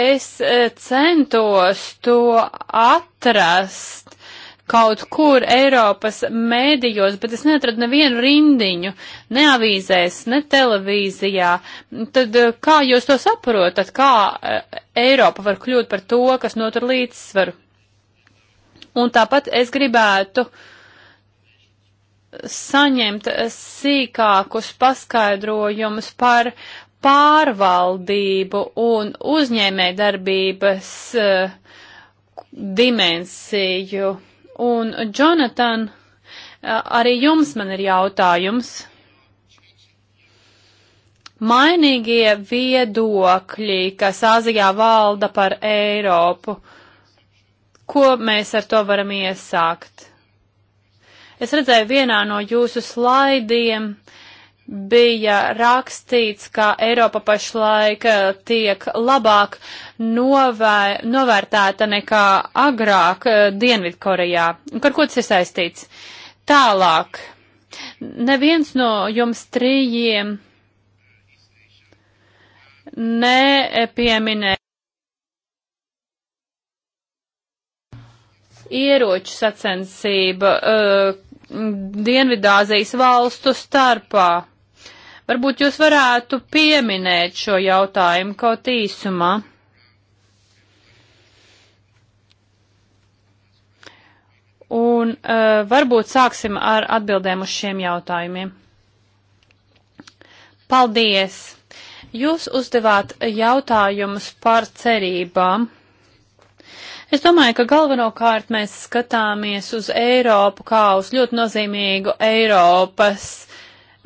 Es eh, centos to atrast kaut kur Eiropas mēdījos, bet es neatradu nevienu rindiņu, ne avīzēs, ne televīzijā. Tad eh, kā jūs to saprotat, kā eh, Eiropa var kļūt par to, kas notur līdzsvaru? Un tāpat es gribētu saņemt eh, sīkākus paskaidrojumus par pārvaldību un uzņēmē darbības uh, dimensiju. Un, Jonathan, arī jums man ir jautājums. Mainīgie viedokļi, kas Āzijā valda par Eiropu, ko mēs ar to varam iesākt? Es redzēju vienā no jūsu slaidiem, uh, bija rakstīts, ka Eiropa pašlaik eh, tiek labāk novē, novērtēta nekā agrāk eh, Dienvidkorejā. Ar ko tas ir saistīts? Tālāk. Neviens no jums trījiem nepieminē ieroču sacensība uh, eh, Dienvidāzijas valstu starpā. Varbūt jūs varētu pieminēt šo jautājumu kaut īsumā. Un uh, varbūt sāksim ar atbildēm uz šiem jautājumiem. Paldies! Jūs uzdevāt jautājumus par cerībām. Es domāju, ka galvenokārt mēs skatāmies uz Eiropu kā uz ļoti nozīmīgu Eiropas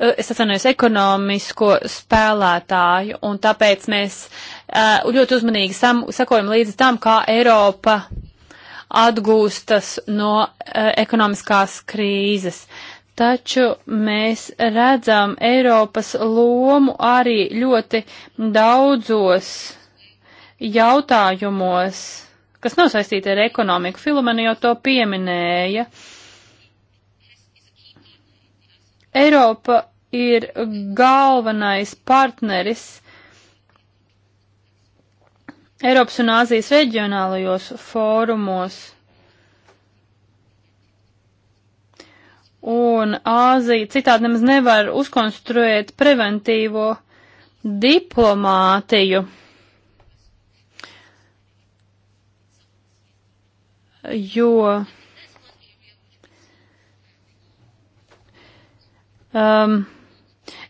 Eh, es atvainojos, ekonomisko spēlētāju, un tāpēc mēs eh, ļoti uzmanīgi sam, sakojam līdzi tam, kā Eiropa atgūstas no eh, ekonomiskās krīzes. Taču mēs redzam Eiropas lomu arī ļoti daudzos jautājumos, kas nav saistīti ar ekonomiku. Filomena jau to pieminēja. Eiropa ir galvenais partneris Eiropas un Āzijas reģionālajos fórumos. Un Āzija citādi nemaz nevar uzkonstruēt preventīvo diplomātiju. Jo um,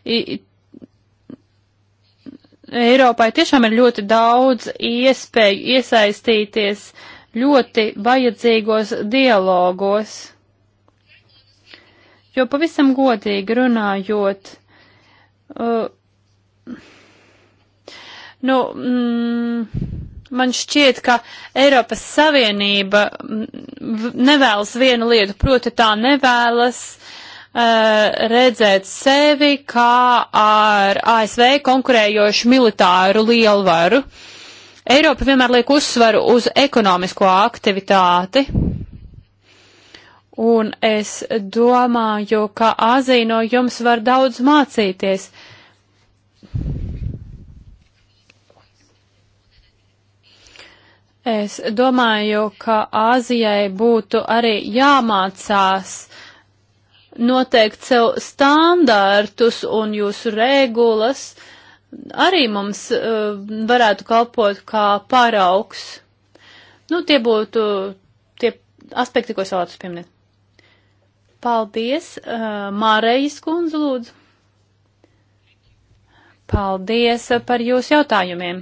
Eiropai tiešām ir ļoti daudz iespēju iesaistīties ļoti vajadzīgos dialogos. Jo pavisam godīgi runājot, uh, nu, mm, man šķiet, ka Eiropas Savienība mm, nevēlas vienu lietu, proti tā nevēlas uh, Uh, redzēt sevi kā ar ASV konkurējošu militāru lielvaru. Eiropa vienmēr liek uzsvaru uz ekonomisko aktivitāti. Un es domāju, ka Azija no jums var daudz mācīties. Es domāju, ka Āzijai būtu arī jāmācās noteikt sev standārtus un jūsu regulas arī mums uh, varētu kalpot kā paraugs. Nu, tie būtu tie aspekti, ko es vēlētos pieminēt. Paldies, uh, Mārejas kundze, lūdzu. Paldies eh, par jūsu jautājumiem.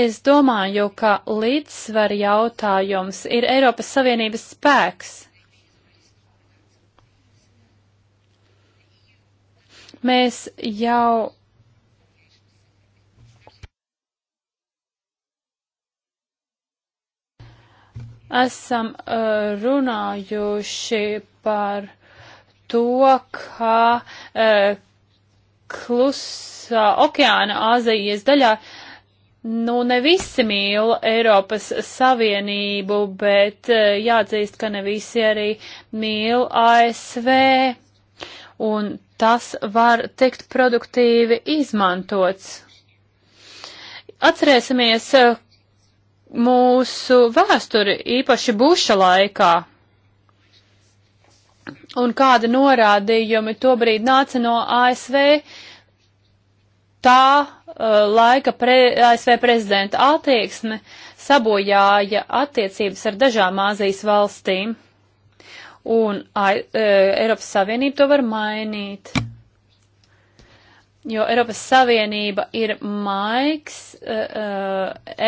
Es domāju, ka līdzsver jautājums ir Eiropas Savienības spēks Mēs jau esam uh, runājuši par to, kā uh, klusā okeāna Azijas daļā nu ne visi mīl Eiropas Savienību, bet uh, jāatzīst, ka ne visi arī mīl ASV. Un tas var tikt produktīvi izmantots. Atcerēsimies eh, mūsu vēsturi, īpaši buša laikā, un kādi norādījumi tobrīd nāca no ASV tā uh, laika pre, ASV prezidenta attieksme sabojāja attiecības ar dažām Āzijas valstīm. Un ai, e, Eiropas Savienība to var mainīt. Jo Eiropas Savienība ir maigs e, e,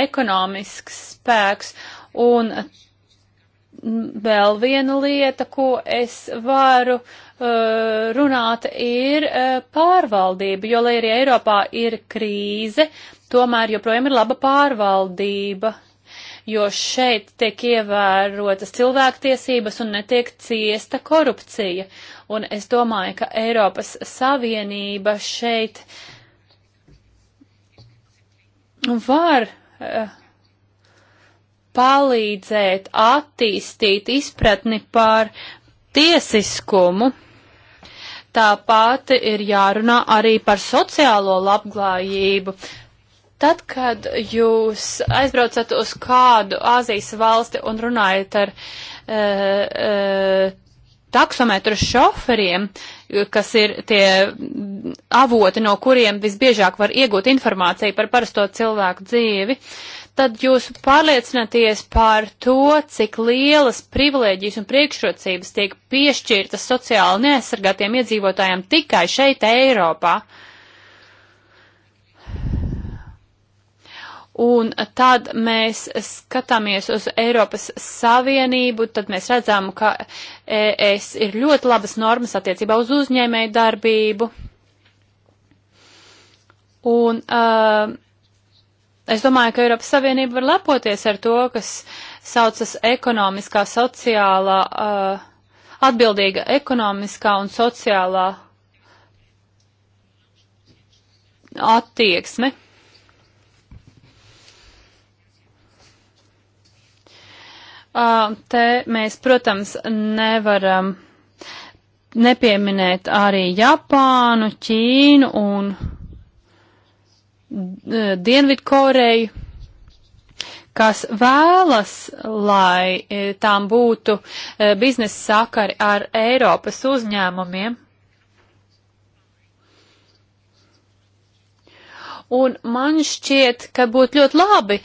ekonomisks spēks. Un vēl viena lieta, ko es varu e, runāt, ir e, pārvaldība. Jo, lai arī Eiropā ir krīze, tomēr joprojām ir laba pārvaldība jo šeit tiek ievērotas cilvēktiesības un netiek ciesta korupcija. Un es domāju, ka Eiropas Savienība šeit var uh, palīdzēt attīstīt izpratni par tiesiskumu. Tāpat ir jārunā arī par sociālo labklājību. Tad, kad jūs aizbraucat uz kādu Āzijas valsti un runājat ar uh, uh, taksometru šoferiem, kas ir tie avoti, no kuriem visbiežāk var iegūt informāciju par parasto cilvēku dzīvi, tad jūs pārliecināties par to, cik lielas privilēģijas un priekšrocības tiek piešķirtas sociāli neaizsargātiem iedzīvotājiem tikai šeit Eiropā. Uh, Un tad mēs skatāmies uz Eiropas Savienību, tad mēs redzam, ka es ir ļoti labas normas attiecībā uz uzņēmēju darbību. Un uh, es domāju, ka Eiropas Savienība var lepoties ar to, kas saucas ekonomiskā, sociālā, uh, atbildīga ekonomiskā un sociālā attieksme. Te mēs, protams, nevaram nepieminēt arī Japānu, Ķīnu un Dienvidkoreju, kas vēlas, lai e, tām būtu e, biznesa sakari ar Eiropas uzņēmumiem. Un man šķiet, ka būtu ļoti labi,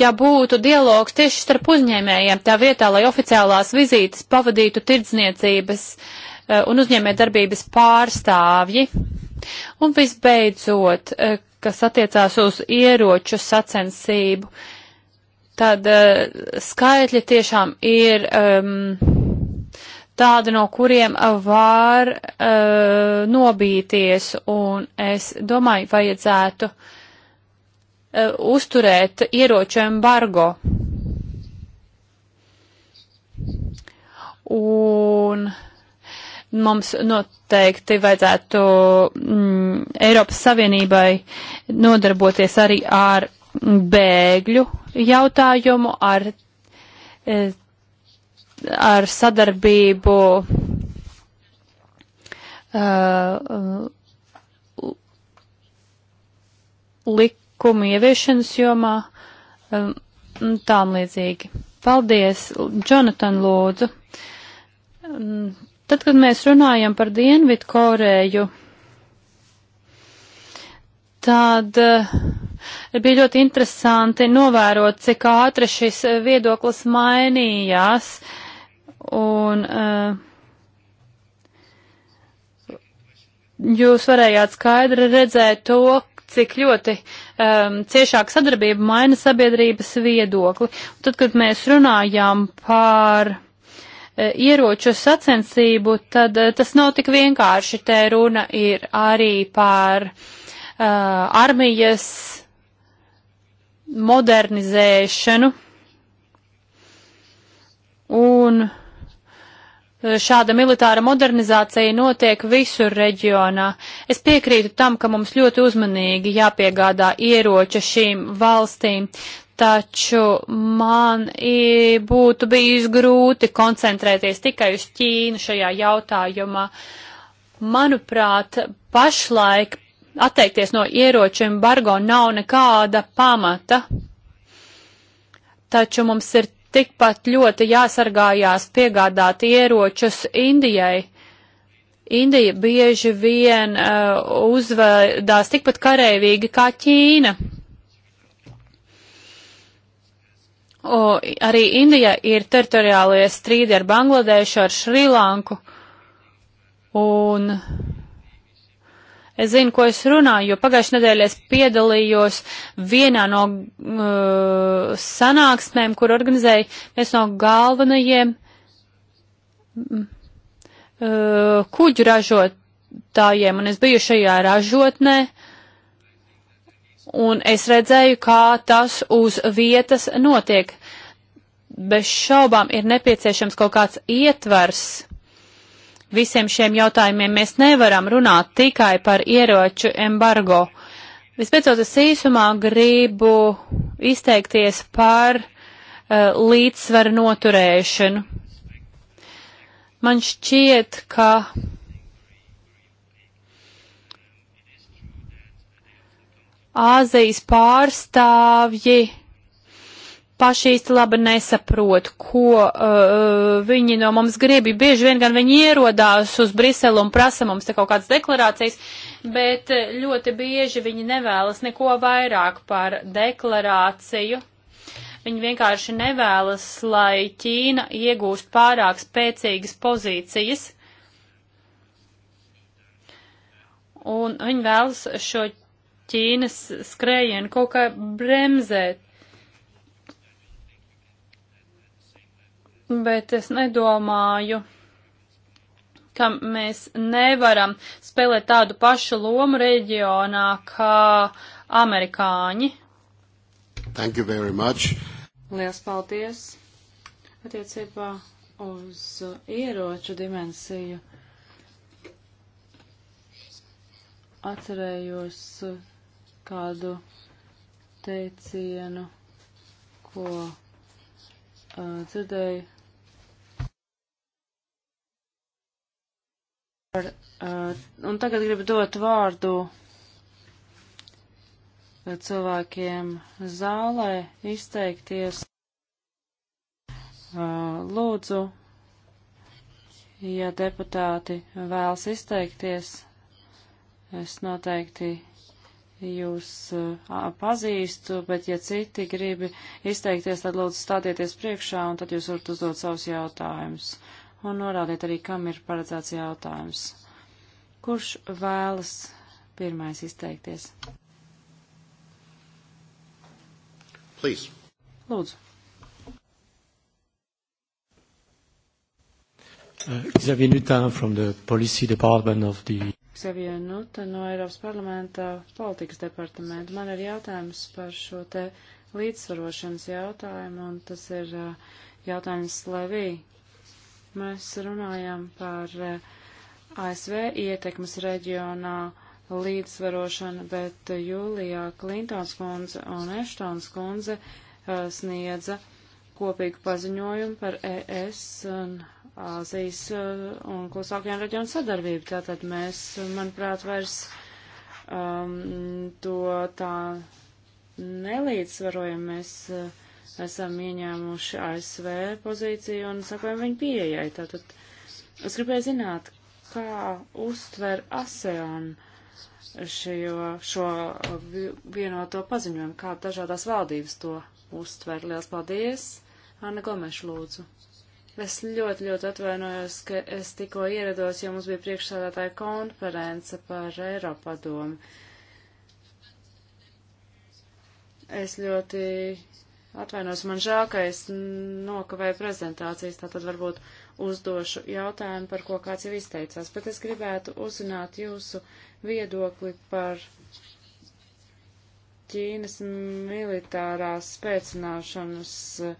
ja būtu dialogs tieši starp uzņēmējiem, tā vietā, lai oficiālās vizītes pavadītu tirdzniecības eh, un uzņēmē darbības pārstāvji. Un visbeidzot, eh, kas attiecās uz ieroču sacensību, tad eh, skaitļi tiešām ir um, tādi, no kuriem var uh, nobīties, un es domāju, vajadzētu uh, Eh, uzturēt ieroču embargo. Un mums noteikti vajadzētu mm, Eiropas Savienībai nodarboties arī ar bēgļu jautājumu, ar, eh, ar sadarbību uh, eh, lik, pasākumu ieviešanas jomā um, un tām līdzīgi. Paldies, Jonathan Lūdzu. Um, tad, kad mēs runājam par Dienvidu Koreju, tad uh, bija ļoti interesanti novērot, cik ātri šis viedoklis mainījās. Un uh, jūs varējāt skaidri redzēt to, cik ļoti um, ciešāka sadarbība maina sabiedrības viedokli. Un tad, kad mēs runājām par eh, ieroču sacensību, tad eh, tas nav tik vienkārši. Te runa ir arī par uh, armijas modernizēšanu un uh, šāda militāra modernizācija notiek visur reģionā. Es piekrītu tam, ka mums ļoti uzmanīgi jāpiegādā ieroča šīm valstīm, taču man būtu bijis grūti koncentrēties tikai uz Ķīnu šajā jautājumā. Manuprāt, pašlaik atteikties no ieroču embargo nav nekāda pamata, taču mums ir tikpat ļoti jāsargājās piegādāt ieročus Indijai. Indija bieži vien uh, uzvedās tikpat karēvīgi kā Ķīna. O, arī Indija ir teritoriālie strīdi ar Bangladešu, ar Šrilanku. Un uh, Es zinu, ko es runāju, jo pagājušajā nedēļā es piedalījos vienā no uh, sanāksmēm, kur organizēja viens no galvenajiem mm, uh, kuģu ražotājiem, un es biju šajā ražotnē, un es redzēju, kā tas uz vietas notiek. Bez šaubām ir nepieciešams kaut kāds ietvers visiem šiem jautājumiem mēs nevaram runāt tikai par ieroču embargo. Vispēcot es īsumā gribu izteikties par uh, līdzsvaru noturēšanu. Man šķiet, ka Āzijas pārstāvji paši īsti labi nesaprot, ko uh, uh viņi no mums grib. Bieži vien gan viņi ierodās uz Briselu un prasa mums te kaut kādas deklarācijas, bet uh, ļoti bieži viņi nevēlas neko vairāk par deklarāciju. Viņi vienkārši nevēlas, lai Ķīna iegūst pārāk spēcīgas pozīcijas. Un viņi vēlas šo Ķīnas skrējienu kaut kā bremzēt. bet es nedomāju, ka mēs nevaram spēlēt tādu pašu lomu reģionā kā amerikāņi. Thank you very much. Lielas paldies. Attiecībā uz ieroču dimensiju atcerējos kādu teicienu, ko uh, dzirdēju Par, uh, un tagad gribu dot vārdu uh, cilvēkiem zālē izteikties. Uh, lūdzu, ja deputāti vēlas izteikties, es noteikti jūs uh, pazīstu, bet ja citi gribi izteikties, tad lūdzu stādieties priekšā un tad jūs varat uzdot savus jautājumus un norādiet arī, kam ir paredzēts jautājums. Kurš vēlas pirmais izteikties? Please. Lūdzu. Uh, Xavier Nutin from the Policy Department of the Xavier Nuta no Eiropas parlamenta politikas departamenta. Man ir jautājums par šo te līdzsvarošanas jautājumu, un tas ir uh, jautājums Levī Mēs runājam par eh, ASV ietekmes reģionā līdzsvarošanu, bet jūlijā Klintons kundze un Eštons kundze eh, sniedza kopīgu paziņojumu par ES un Āzijas eh, un klusākajām reģionu sadarbību. Tātad mēs, manuprāt, vairs um, to tā nelīdzsvarojam. Mēs uh, esam ieņēmuši ASV pozīciju un sakojam viņu pieejai. Tātad es gribēju zināt, kā uztver ASEAN šo, šo vienoto paziņojumu, kā dažādās valdības to uztver. Liels paldies! Anna Gomeša lūdzu. Es ļoti, ļoti atvainojos, ka es tikko ierados, jo mums bija priekšsādātāja konference par Eiropadomu. Es ļoti Atvainos man žēl, ka es nokavēju prezentācijas, tātad varbūt uzdošu jautājumu, par ko kāds jau izteicās, bet es gribētu uzzināt jūsu viedokli par Ķīnas militārās spēcināšanas eh,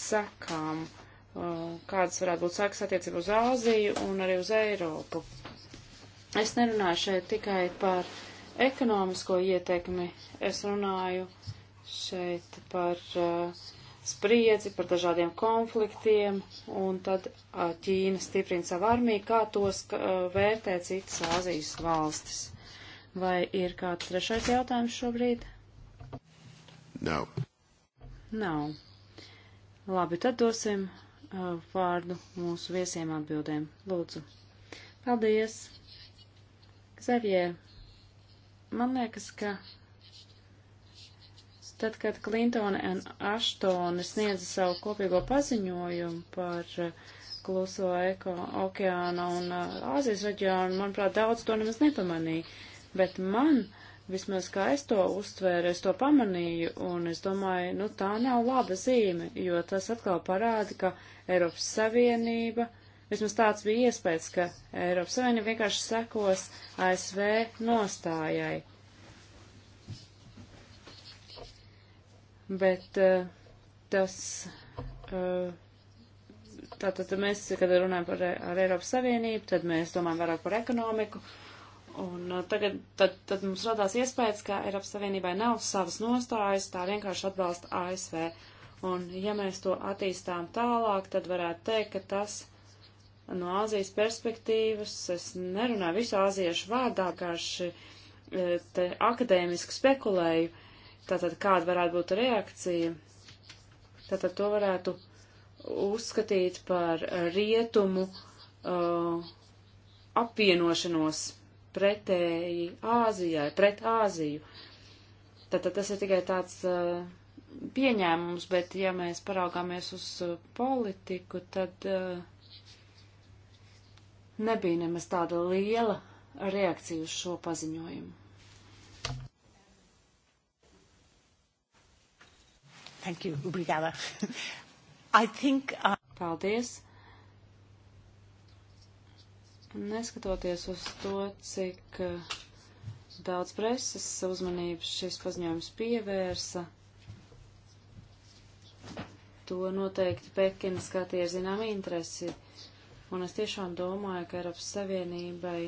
sakām, eh, kādas varētu būt sakas attiecībā uz Āziju un arī uz Eiropu. Es nerunāju šeit tikai par ekonomisko ietekmi, es runāju par šeit par uh, spriedzi, par dažādiem konfliktiem, un tad uh, Ķīna stiprina savu armiju, kā tos uh, vērtē citas Āzijas valstis. Vai ir kāds trešais jautājums šobrīd? Nav. No. Nav. Labi, tad dosim uh, vārdu mūsu viesiem atbildēm. Lūdzu. Paldies. Xavier, man liekas, ka Tad, kad Klintone un Aštone sniedza savu kopīgo paziņojumu par eh, kluso eko okeāna un eh, Āzijas reģionu, manuprāt, daudz to nemaz nepamanīja. Bet man, vismaz kā es to uztvēru, es to pamanīju, un es domāju, nu tā nav laba zīme, jo tas atkal parāda, ka Eiropas Savienība, vismaz tāds bija iespējas, ka Eiropas Savienība vienkārši sekos ASV nostājai bet uh, tas. Uh, Tātad mēs, kad runājam par ar Eiropas Savienību, tad mēs domājam vairāk par ekonomiku. Un uh, tagad tad, tad mums radās iespējas, ka Eiropas Savienībai nav savas nostājas, tā vienkārši atbalsta ASV. Un ja mēs to attīstām tālāk, tad varētu teikt, ka tas no Āzijas perspektīvas, es nerunāju visu āziešu vārdā, kā šī te akadēmiski spekulēju, uh, Tātad kāda varētu būt reakcija? Tātad to varētu uzskatīt par rietumu uh, apvienošanos pretēji Āzijai, pret Āziju. Tātad tas ir tikai tāds uh, pieņēmums, bet ja mēs paraugāmies uz uh, politiku, tad uh, nebija nemaz tāda liela reakcija uz šo paziņojumu. Thank you. Obrigada. I think... Uh... Paldies. Neskatoties uz to, cik uh, daudz preses uzmanības šis paziņojums pievērsa, to noteikti Pekina skatīja zinām interesi. Un es tiešām domāju, ka Eiropas Savienībai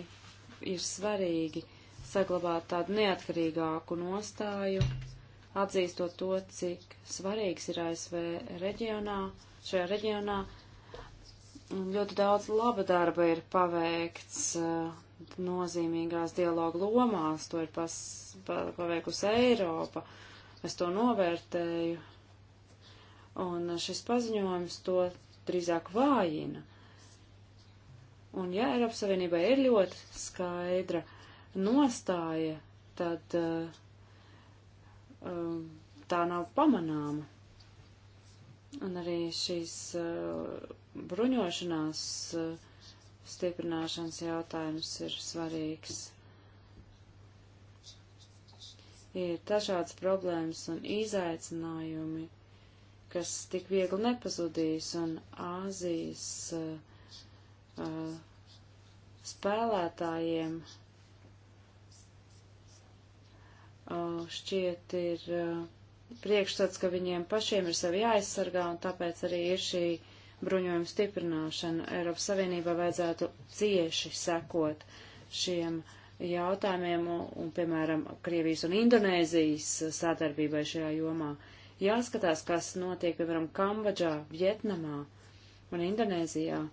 ir svarīgi saglabāt tādu neatkarīgāku nostāju atzīstot to, cik svarīgs ir ASV reģionā, šajā reģionā. Ļoti daudz laba darba ir paveikts uh, nozīmīgās dialogu lomās, to ir pas, pa, paveikusi Eiropa, es to novērtēju, un šis paziņojums to drīzāk vājina. Un ja Eiropas Savienībai ir ļoti skaidra nostāja, tad uh, Eh, tā nav pamanāma. Un arī šīs eh, bruņošanās eh, stiprināšanas jautājums ir svarīgs. Ir dažādas problēmas un izaicinājumi, kas tik viegli nepazudīs, un Āzijas uh, uh, spēlētājiem uh, šķiet ir eh, priekšstats, ka viņiem pašiem ir sevi jāaizsargā, un tāpēc arī ir šī bruņojuma stiprināšana. Eiropas Savienībā vajadzētu cieši sekot šiem jautājumiem, un, piemēram, Krievijas un Indonēzijas sadarbībai šajā jomā. Jāskatās, kas notiek, piemēram, Kambodžā, Vietnamā un Indonēzijā.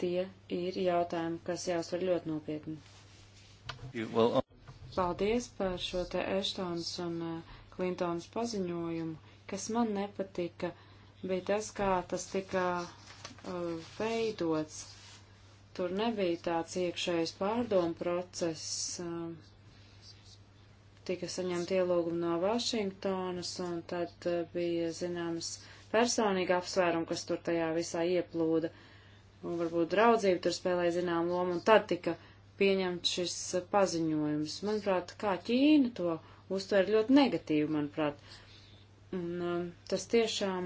Tie ir jautājumi, kas jāuzsver ļoti nopietni. Well, Paldies par šo te Eštons un Klintons eh, paziņojumu. Kas man nepatika, bija tas, kā tas tika uh, veidots. Tur nebija tāds iekšējs pārdomu process. Uh, tika saņemt ielūgumu no Vašingtonas, un tad uh, bija zināmas personīgi apsvērumi, kas tur tajā visā ieplūda, un varbūt draudzība tur spēlēja zinām lomu, un tad tika pieņemts šis paziņojums. Manuprāt, kā Ķīna to uztver ļoti negatīvi, manuprāt. Un um, tas tiešām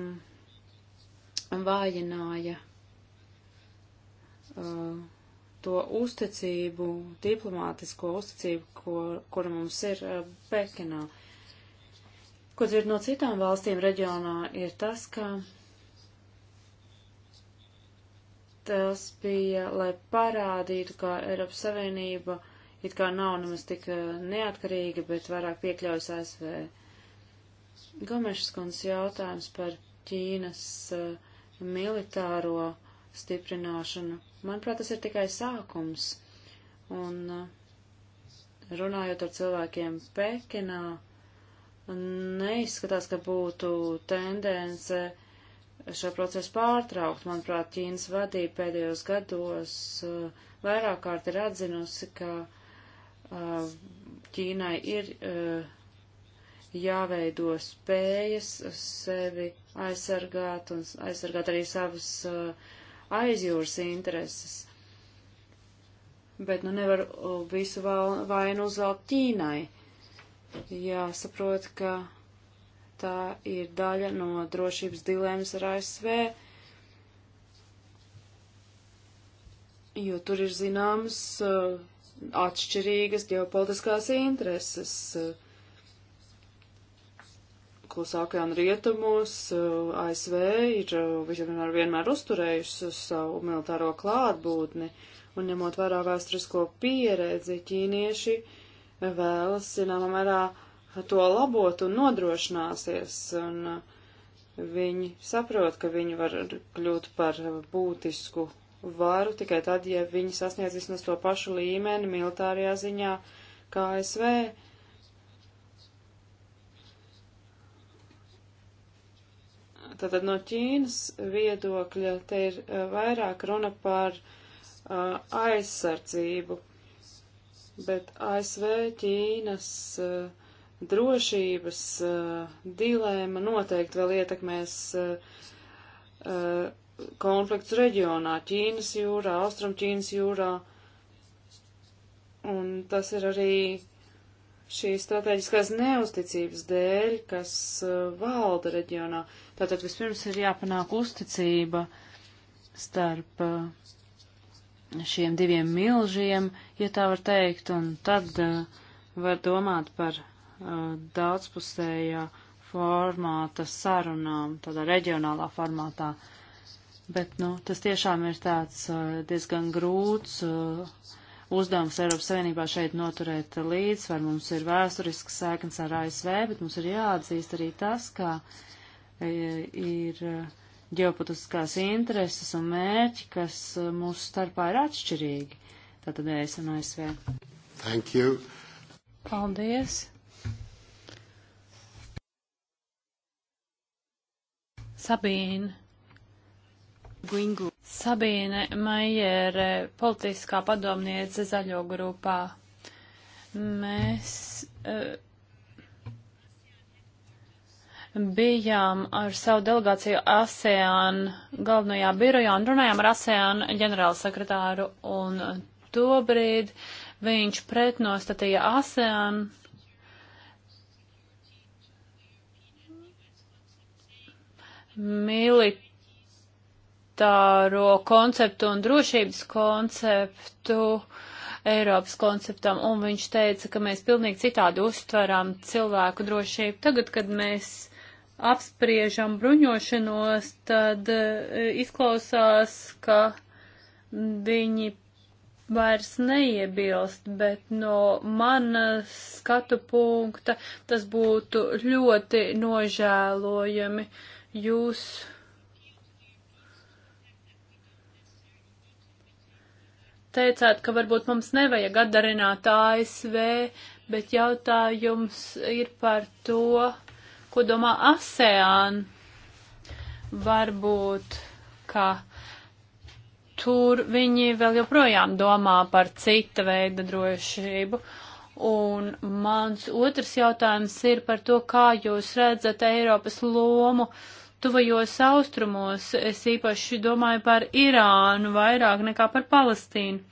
vājināja uh, to uzticību, diplomātisko uzticību, ko, kura mums ir uh, Pekinā. Ko dzird no citām valstīm reģionā, ir tas, ka tas bija, lai parādītu, ka Eiropas Savienība it kā nav nemaz tik eh, neatkarīga, bet vairāk piekļaujas ASV. Gomešas kundzes jautājums par Ķīnas uh, militāro stiprināšanu. Manuprāt, tas ir tikai sākums. Un uh, runājot ar cilvēkiem Pekinā, neizskatās, ka būtu tendence uh, šo procesu pārtraukt. Manuprāt, Ķīnas vadība pēdējos gados uh, vairāk kārt ir atzinusi, ka uh, Ķīnai ir uh, jāveido spējas sevi aizsargāt un aizsargāt arī savas uh, aizjūras intereses. Bet nu nevar uh, visu vainu uzvelt Ķīnai. Jāsaprot, ka tā ir daļa no drošības dilēmas ar ASV, jo tur ir zināmas uh, atšķirīgas ģeopolitiskās intereses. Uh, Klusā okeāna rietumos uh, ASV ir uh, vienmēr, vienmēr uzturējusi savu militāro klātbūtni, un ņemot vērā vēsturisko pieredzi, ķīnieši uh, vēlas, zināmā mērā, uh, to labot un nodrošināsies, un uh, viņi saprot, ka viņi var kļūt par būtisku varu tikai tad, ja viņi sasniedz vismaz to pašu līmeni militārajā ziņā kā ASV. Tātad no Ķīnas viedokļa te ir uh, vairāk runa par uh, aizsardzību, bet ASV Ķīnas uh, drošības uh, dilēma noteikti vēl ietekmēs uh, uh, konflikts reģionā, Ķīnas jūrā, Austram Ķīnas jūrā. Un tas ir arī šīs strateģiskās neusticības dēļ, kas valda reģionā. Tātad vispirms ir jāpanāk uzticība starp šiem diviem milžiem, ja tā var teikt, un tad var domāt par Uh, daudzpusējā formāta sarunām, tādā reģionālā formātā. Bet, nu, tas tiešām ir tāds uh, diezgan grūts uh, uzdevums Eiropas Savienībā šeit noturēt līdzsvaru. Mums ir vēsturisks sēknes ar ASV, bet mums ir jāatzīst arī tas, ka e, ir ģeopolitiskās intereses un mērķi, kas mūsu starpā ir atšķirīgi. Tātad es un ASV. Thank you. Paldies. Sabīne. Gringu. Sabīne Maijere, politiskā padomniece zaļo grupā. Mēs uh, bijām ar savu delegāciju ASEAN galvenajā birojā un runājām ar ASEAN ģenerālsekretāru un tobrīd viņš pretnostatīja ASEAN militāro konceptu un drošības konceptu Eiropas konceptam, un viņš teica, ka mēs pilnīgi citādi uztveram cilvēku drošību. Tagad, kad mēs apspriežam bruņošanos, tad e, izklausās, ka viņi vairs neiebilst, bet no manas skatu punkta tas būtu ļoti nožēlojami, jūs teicāt, ka varbūt mums nevajag atdarināt ASV, bet jautājums ir par to, ko domā ASEAN. Varbūt, ka tur viņi vēl joprojām domā par cita veida drošību. Un mans otrs jautājums ir par to, kā jūs redzat Eiropas lomu uh, Tuvajos austrumos es īpaši domāju par Irānu vairāk nekā par Palestīnu.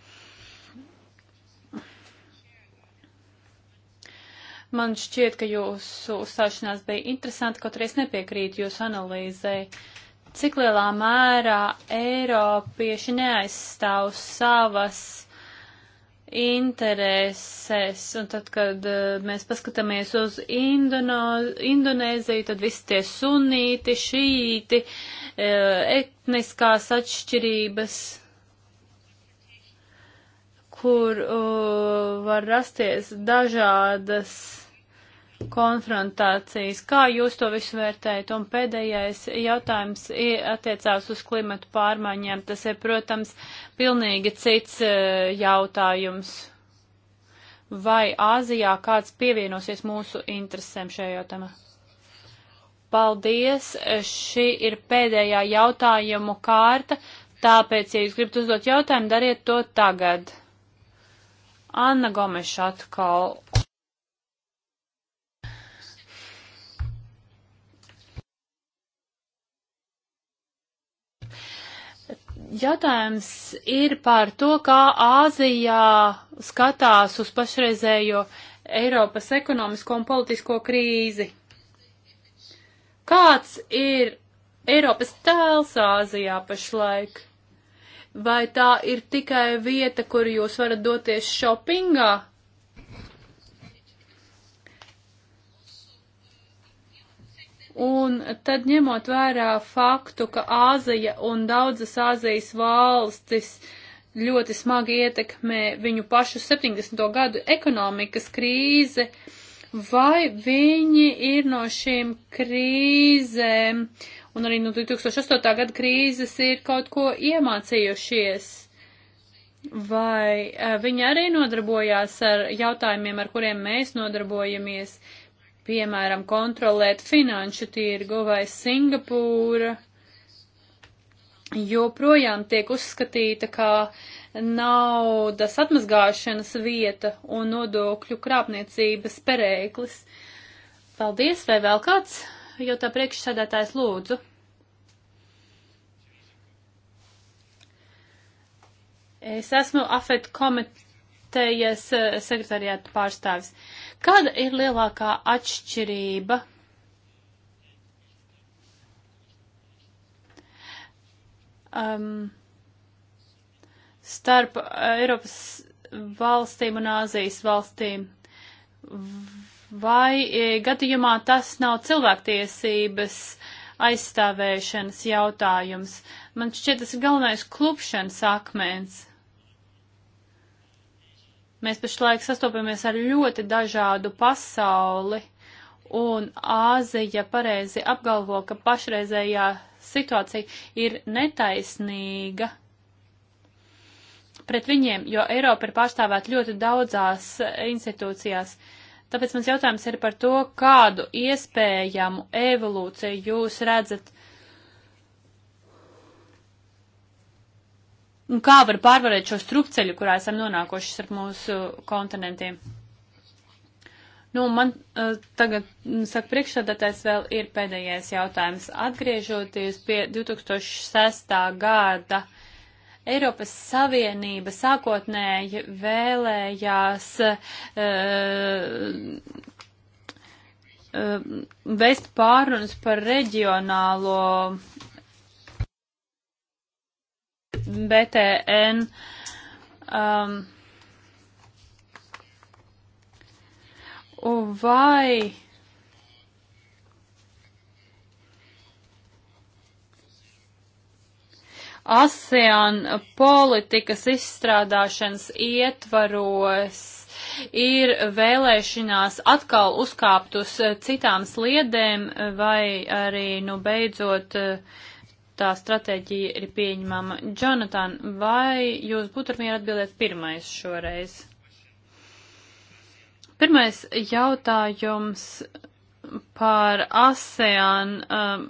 Man šķiet, ka jūsu uzstāšanās bija interesanti, kaut arī es nepiekrītu jūsu analīzei. Cik lielā mērā Eiropieši neaizstāv savas intereses, un tad, kad eh, mēs paskatāmies uz Indono, Indonēziju, tad visi tie sunīti, šīti, eh, etniskās atšķirības, kur uh, var rasties dažādas konfrontācijas. Kā jūs to visu vērtējat? Un pēdējais jautājums attiecās uz klimatu pārmaiņām. Tas ir, protams, pilnīgi cits e, jautājums. Vai Āzijā kāds pievienosies mūsu interesēm šajā jautājumā? Paldies! Šī ir pēdējā jautājumu kārta, tāpēc, ja jūs gribat uzdot jautājumu, dariet to tagad. Anna Gomeša atkal. jautājums ir par to, kā Āzijā skatās uz pašreizējo Eiropas ekonomisko un politisko krīzi. Kāds ir Eiropas tēls Āzijā pašlaik? Vai tā ir tikai vieta, kur jūs varat doties šopingā? Un tad ņemot vērā faktu, ka Āzija un daudzas Āzijas valstis ļoti smagi ietekmē viņu pašu 70. gadu ekonomikas krīze, vai viņi ir no šīm krīzēm un arī no 2008. gada krīzes ir kaut ko iemācījušies? Vai eh, viņi arī nodarbojās ar jautājumiem, ar kuriem mēs nodarbojamies? Uh, piemēram, kontrolēt finanšu tirgu vai Singapūra, joprojām tiek uzskatīta kā naudas atmazgāšanas vieta un nodokļu krāpniecības perēklis. Paldies, vai vēl kāds? Jo tā priekšsēdētājs lūdzu. Es esmu AFET komitejas komitejas eh, sekretariāta pārstāvis. Kāda ir lielākā atšķirība? Um, starp Eiropas valstīm un Āzijas valstīm. Vai eh, gadījumā tas nav cilvēktiesības aizstāvēšanas jautājums? Man šķiet, tas ir galvenais klupšanas akmens. Mēs pašlaik sastopamies ar ļoti dažādu pasauli, un Āzija pareizi apgalvo, ka pašreizējā situācija ir netaisnīga pret viņiem, jo Eiropa ir pārstāvēta ļoti daudzās institūcijās. Tāpēc mans jautājums ir par to, kādu iespējamu evolūciju jūs redzat Un kā var pārvarēt šo strupceļu, kurā esam nonākuši starp mūsu kontinentiem? Nu, man uh, tagad, mm, saka, priekšsādātais vēl ir pēdējais jautājums. Atgriežoties pie 2006. gada, Eiropas Savienība sākotnēji vēlējās uh, uh, vest pārunas par reģionālo BTN. Um, vai ASEAN politikas izstrādāšanas ietvaros ir vēlēšanās atkal uzkāpt uz citām sliedēm vai arī, nu, beidzot, uh, tā stratēģija ir pieņemama. Jonathan, vai jūs būtu ar mieru atbildēt pirmais šoreiz? Pirmais jautājums par ASEAN um,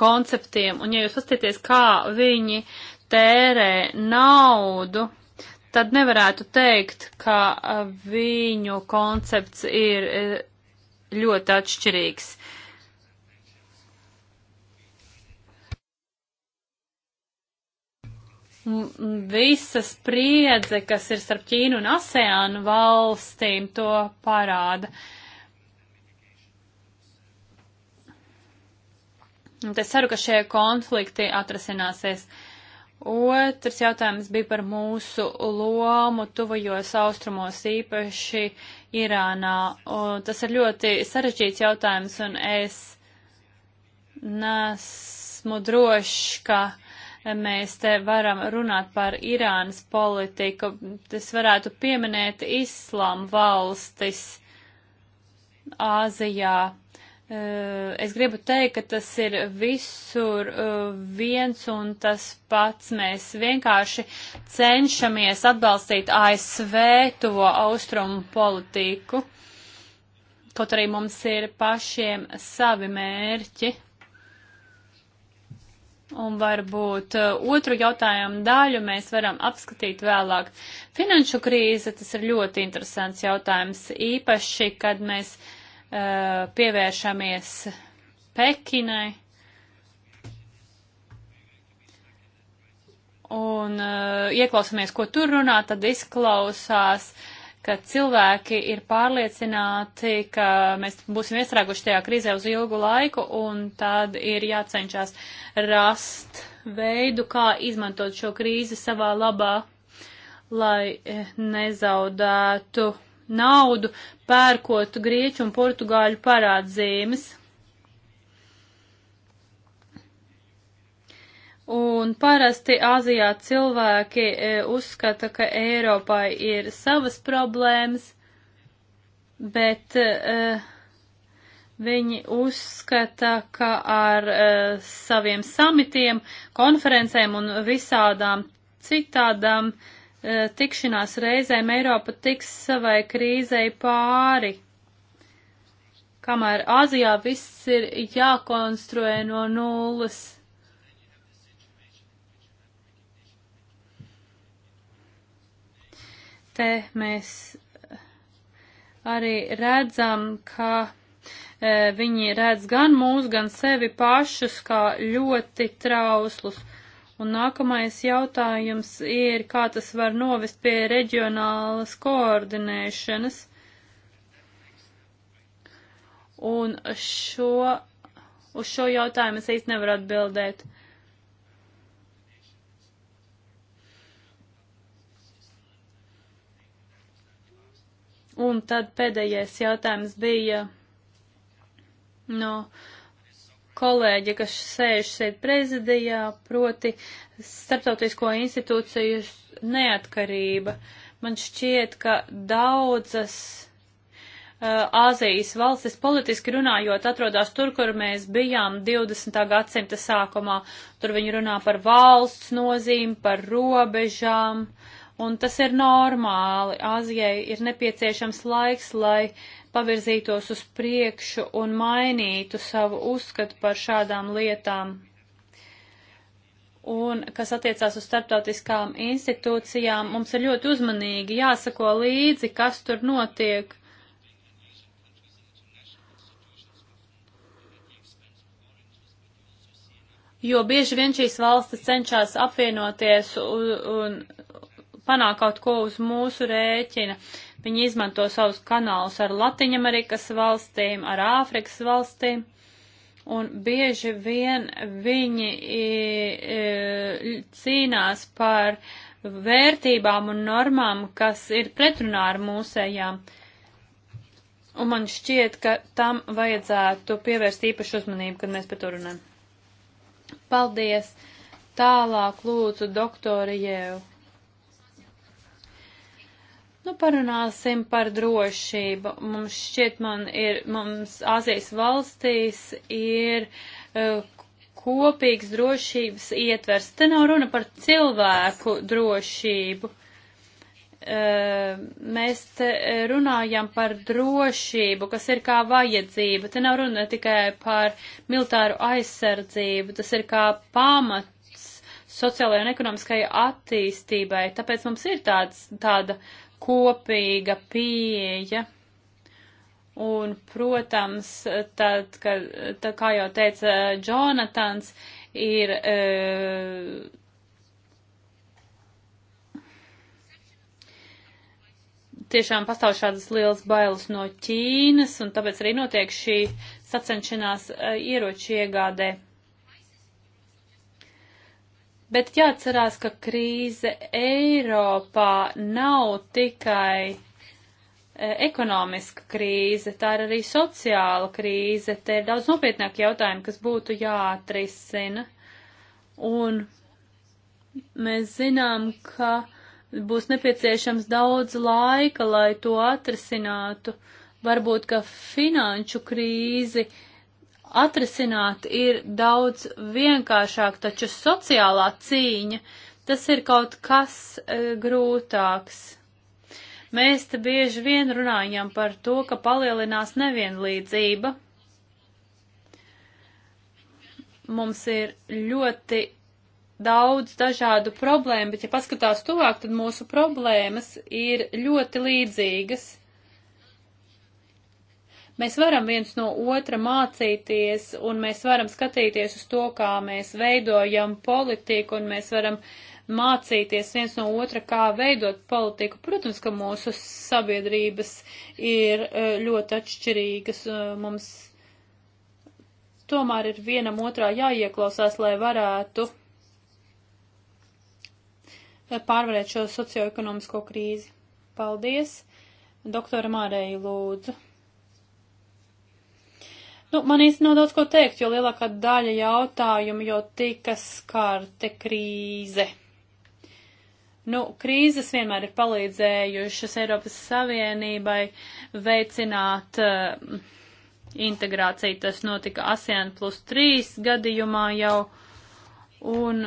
konceptiem, un ja jūs paskaties, kā viņi tērē naudu, tad nevarētu teikt, ka uh, viņu koncepts ir uh, ļoti atšķirīgs. Uh, visa spriedze, kas ir starp Ķīnu un ASEANu valstīm, to parāda. Un es ceru, ka šie konflikti atrasināsies. Otrs jautājums bija par mūsu lomu tuvajos austrumos, īpaši Irānā. Un tas ir ļoti sarežģīts jautājums, un es nesmu drošs, ka mēs te varam runāt par Irānas politiku. Tas varētu pieminēt islām valstis Āzijā. Eh, es gribu teikt, ka tas ir visur eh, viens un tas pats. Mēs vienkārši cenšamies atbalstīt ASV tuvo austrumu politiku, kaut arī mums ir pašiem savi mērķi. Un varbūt uh, otru jautājumu daļu mēs varam apskatīt vēlāk. Finanšu krīze, tas ir ļoti interesants jautājums, īpaši, kad mēs uh, pievēršamies Pekinai. Un uh, ieklausamies, ko tur runā, tad izklausās uh, ka cilvēki ir pārliecināti, ka mēs būsim iestrēguši tajā krīzē uz ilgu laiku, un tad ir jācenšas rast veidu, kā izmantot šo krīzi savā labā, lai eh, nezaudētu naudu, pērkot grieķu un portugāļu parādzīmes. Un parasti Āzijā cilvēki e, uzskata, ka Eiropai ir savas problēmas, bet e, viņi uzskata, ka ar e, saviem samitiem, konferencēm un visādām citādām e, tikšanās reizēm Eiropa tiks savai krīzei pāri. Kamēr Āzijā viss ir jākonstruē no nulles Te mēs arī redzam, ka e, viņi redz gan mūs, gan sevi pašus kā ļoti trauslus. Un nākamais jautājums ir, kā tas var novest pie reģionālas koordinēšanas. Un šo, uz šo jautājumu es īsti nevaru atbildēt. Uh, Un tad pēdējais jautājums bija no kolēģa, kas sēž šeit prezidijā, proti starptautisko institūciju neatkarība. Man šķiet, ka daudzas Āzijas valstis politiski runājot atrodas tur, kur mēs bijām 20. gadsimta sākumā. Tur viņi runā par valsts nozīmi, par robežām, un tas ir normāli. Āzijai ir nepieciešams laiks, lai pavirzītos uz priekšu un mainītu savu uzskatu par šādām lietām. Un, kas attiecās uz starptautiskām institūcijām, mums ir ļoti uzmanīgi jāsako līdzi, kas tur notiek. Jo bieži vien šīs valstis cenšas apvienoties un, un panāk kaut ko uz mūsu rēķina. Viņi izmanto savus kanālus ar Latviņamerikas valstīm, ar Āfrikas valstīm, un bieži vien viņi i, i, cīnās par vērtībām un normām, kas ir pretrunā ar mūsējām. Un man šķiet, ka tam vajadzētu pievērst īpašu uzmanību, kad mēs par to runājam. Paldies! Tālāk lūdzu doktori Jēvu. Nu, parunāsim par drošību. Mums šķiet, man ir, mums Azijas valstīs ir uh, kopīgs drošības ietvers. Te nav runa par cilvēku drošību. Uh, mēs te runājam par drošību, kas ir kā vajadzība. Te nav runa tikai par militāru aizsardzību, tas ir kā pamats sociālajai un ekonomiskajai attīstībai. Tāpēc mums ir tāds, tāda uh, kopīga pieeja. Un, protams, tad, kad, tad kā jau teica Jonatans, ir. Uh, tiešām pastāv šādas lielas bailes no Ķīnas, un tāpēc arī notiek šī sacenšanās eh, ieroču iegādē Bet jāatcerās, ka krīze Eiropā nav tikai e, ekonomiska krīze, tā ir arī sociāla krīze. Te ir daudz nopietnāk jautājumi, kas būtu jāatrisina. Un mēs zinām, ka būs nepieciešams daudz laika, lai to atrisinātu. Varbūt, ka finanšu krīzi uh, atrisināt ir daudz vienkāršāk, taču sociālā cīņa tas ir kaut kas e, grūtāks. Mēs te bieži vien runājam par to, ka palielinās nevienlīdzība. Mums ir ļoti daudz dažādu problēmu, bet ja paskatās tuvāk, tad mūsu problēmas ir ļoti līdzīgas. Mēs varam viens no otra mācīties, un mēs varam skatīties uz to, kā mēs veidojam politiku, un mēs varam mācīties viens no otra, kā veidot politiku. Protams, ka mūsu sabiedrības ir eh, ļoti atšķirīgas. Eh, mums tomēr ir vienam otrā jāieklausās, lai varētu eh, pārvarēt šo socioekonomisko krīzi. Paldies! Doktora Mārēju lūdzu. Nu, man īsti nav daudz ko teikt, jo lielākā daļa jautājumu jau tika skārta krīze. Nu, krīzes vienmēr ir palīdzējušas Eiropas Savienībai veicināt uh, integrāciju. Tas notika ASEAN plus 3 gadījumā jau. Un,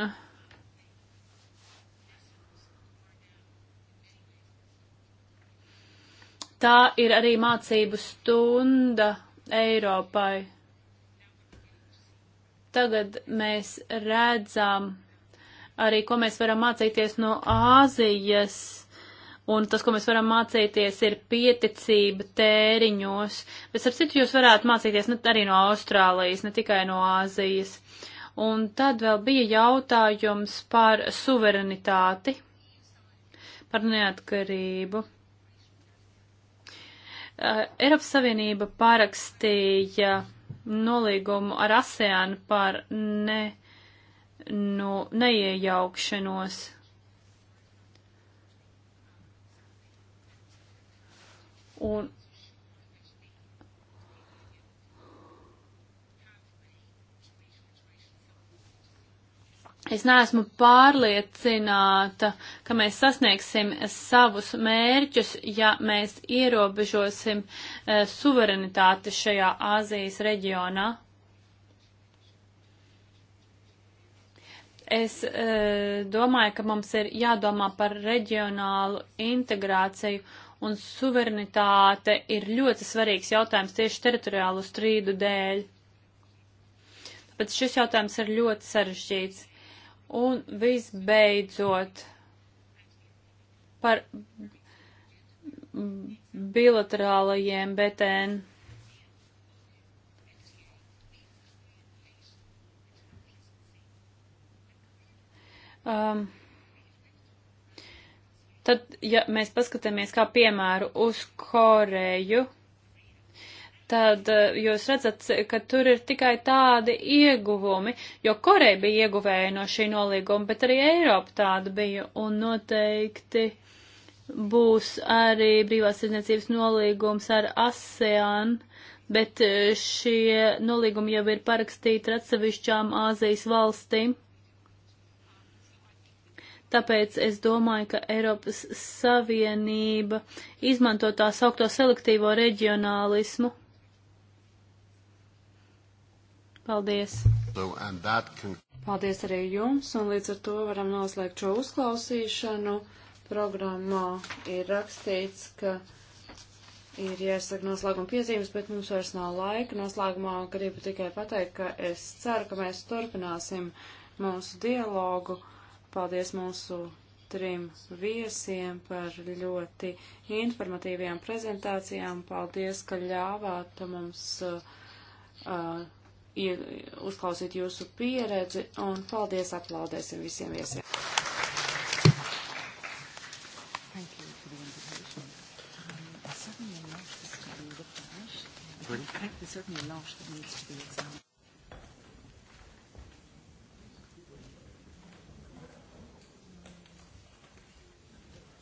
Tā ir arī mācību stunda Eiropai. Tagad mēs redzam arī, ko mēs varam mācīties no Āzijas. Un tas, ko mēs varam mācīties, ir pieticība tēriņos. Bet, ap citu, jūs varētu mācīties ne, arī no Austrālijas, ne tikai no Āzijas. Un tad vēl bija jautājums par suverenitāti, par neatkarību. Eh, Eiropas Savienība pārakstīja nolīgumu ar ASEAN par ne, nu, neiejaukšanos. Un Es neesmu pārliecināta, ka mēs sasniegsim savus mērķus, ja mēs ierobežosim e, suverenitāti šajā Āzijas reģionā. Es e, domāju, ka mums ir jādomā par reģionālu integrāciju, un suverenitāte ir ļoti svarīgs jautājums tieši teritoriālu strīdu dēļ. Tāpēc šis jautājums ir ļoti sarežģīts Un visbeidzot par bilaterālajiem BTN. Um, tad, ja mēs paskatāmies kā piemēru uz Koreju, tad eh, jūs redzat, ka tur ir tikai tādi ieguvumi, jo Koreja bija ieguvēja no šī nolīguma, bet arī Eiropa tāda bija, un noteikti būs arī brīvās tirdzniecības nolīgums ar ASEAN, bet eh, šie nolīgumi jau ir parakstīti ar atsevišķām Āzijas valstīm. Tāpēc es domāju, ka Eiropas Savienība izmanto tā saukto selektīvo reģionālismu Paldies! So, can... Paldies arī jums, un līdz ar to varam noslēgt šo uzklausīšanu. Programmā ir rakstīts, ka ir jāsaka noslēguma piezīmes, bet mums vairs nav laika. Noslēgumā gribu tikai pateikt, ka es ceru, ka mēs turpināsim mūsu dialogu. Paldies mūsu trim viesiem par ļoti informatīvajām prezentācijām. Paldies, ka ļāvāt mums uh, uzklausīt jūsu pieredzi un paldies aplaudēsim visiem viesiem. Thank you. certainly a lot that needs to be examined.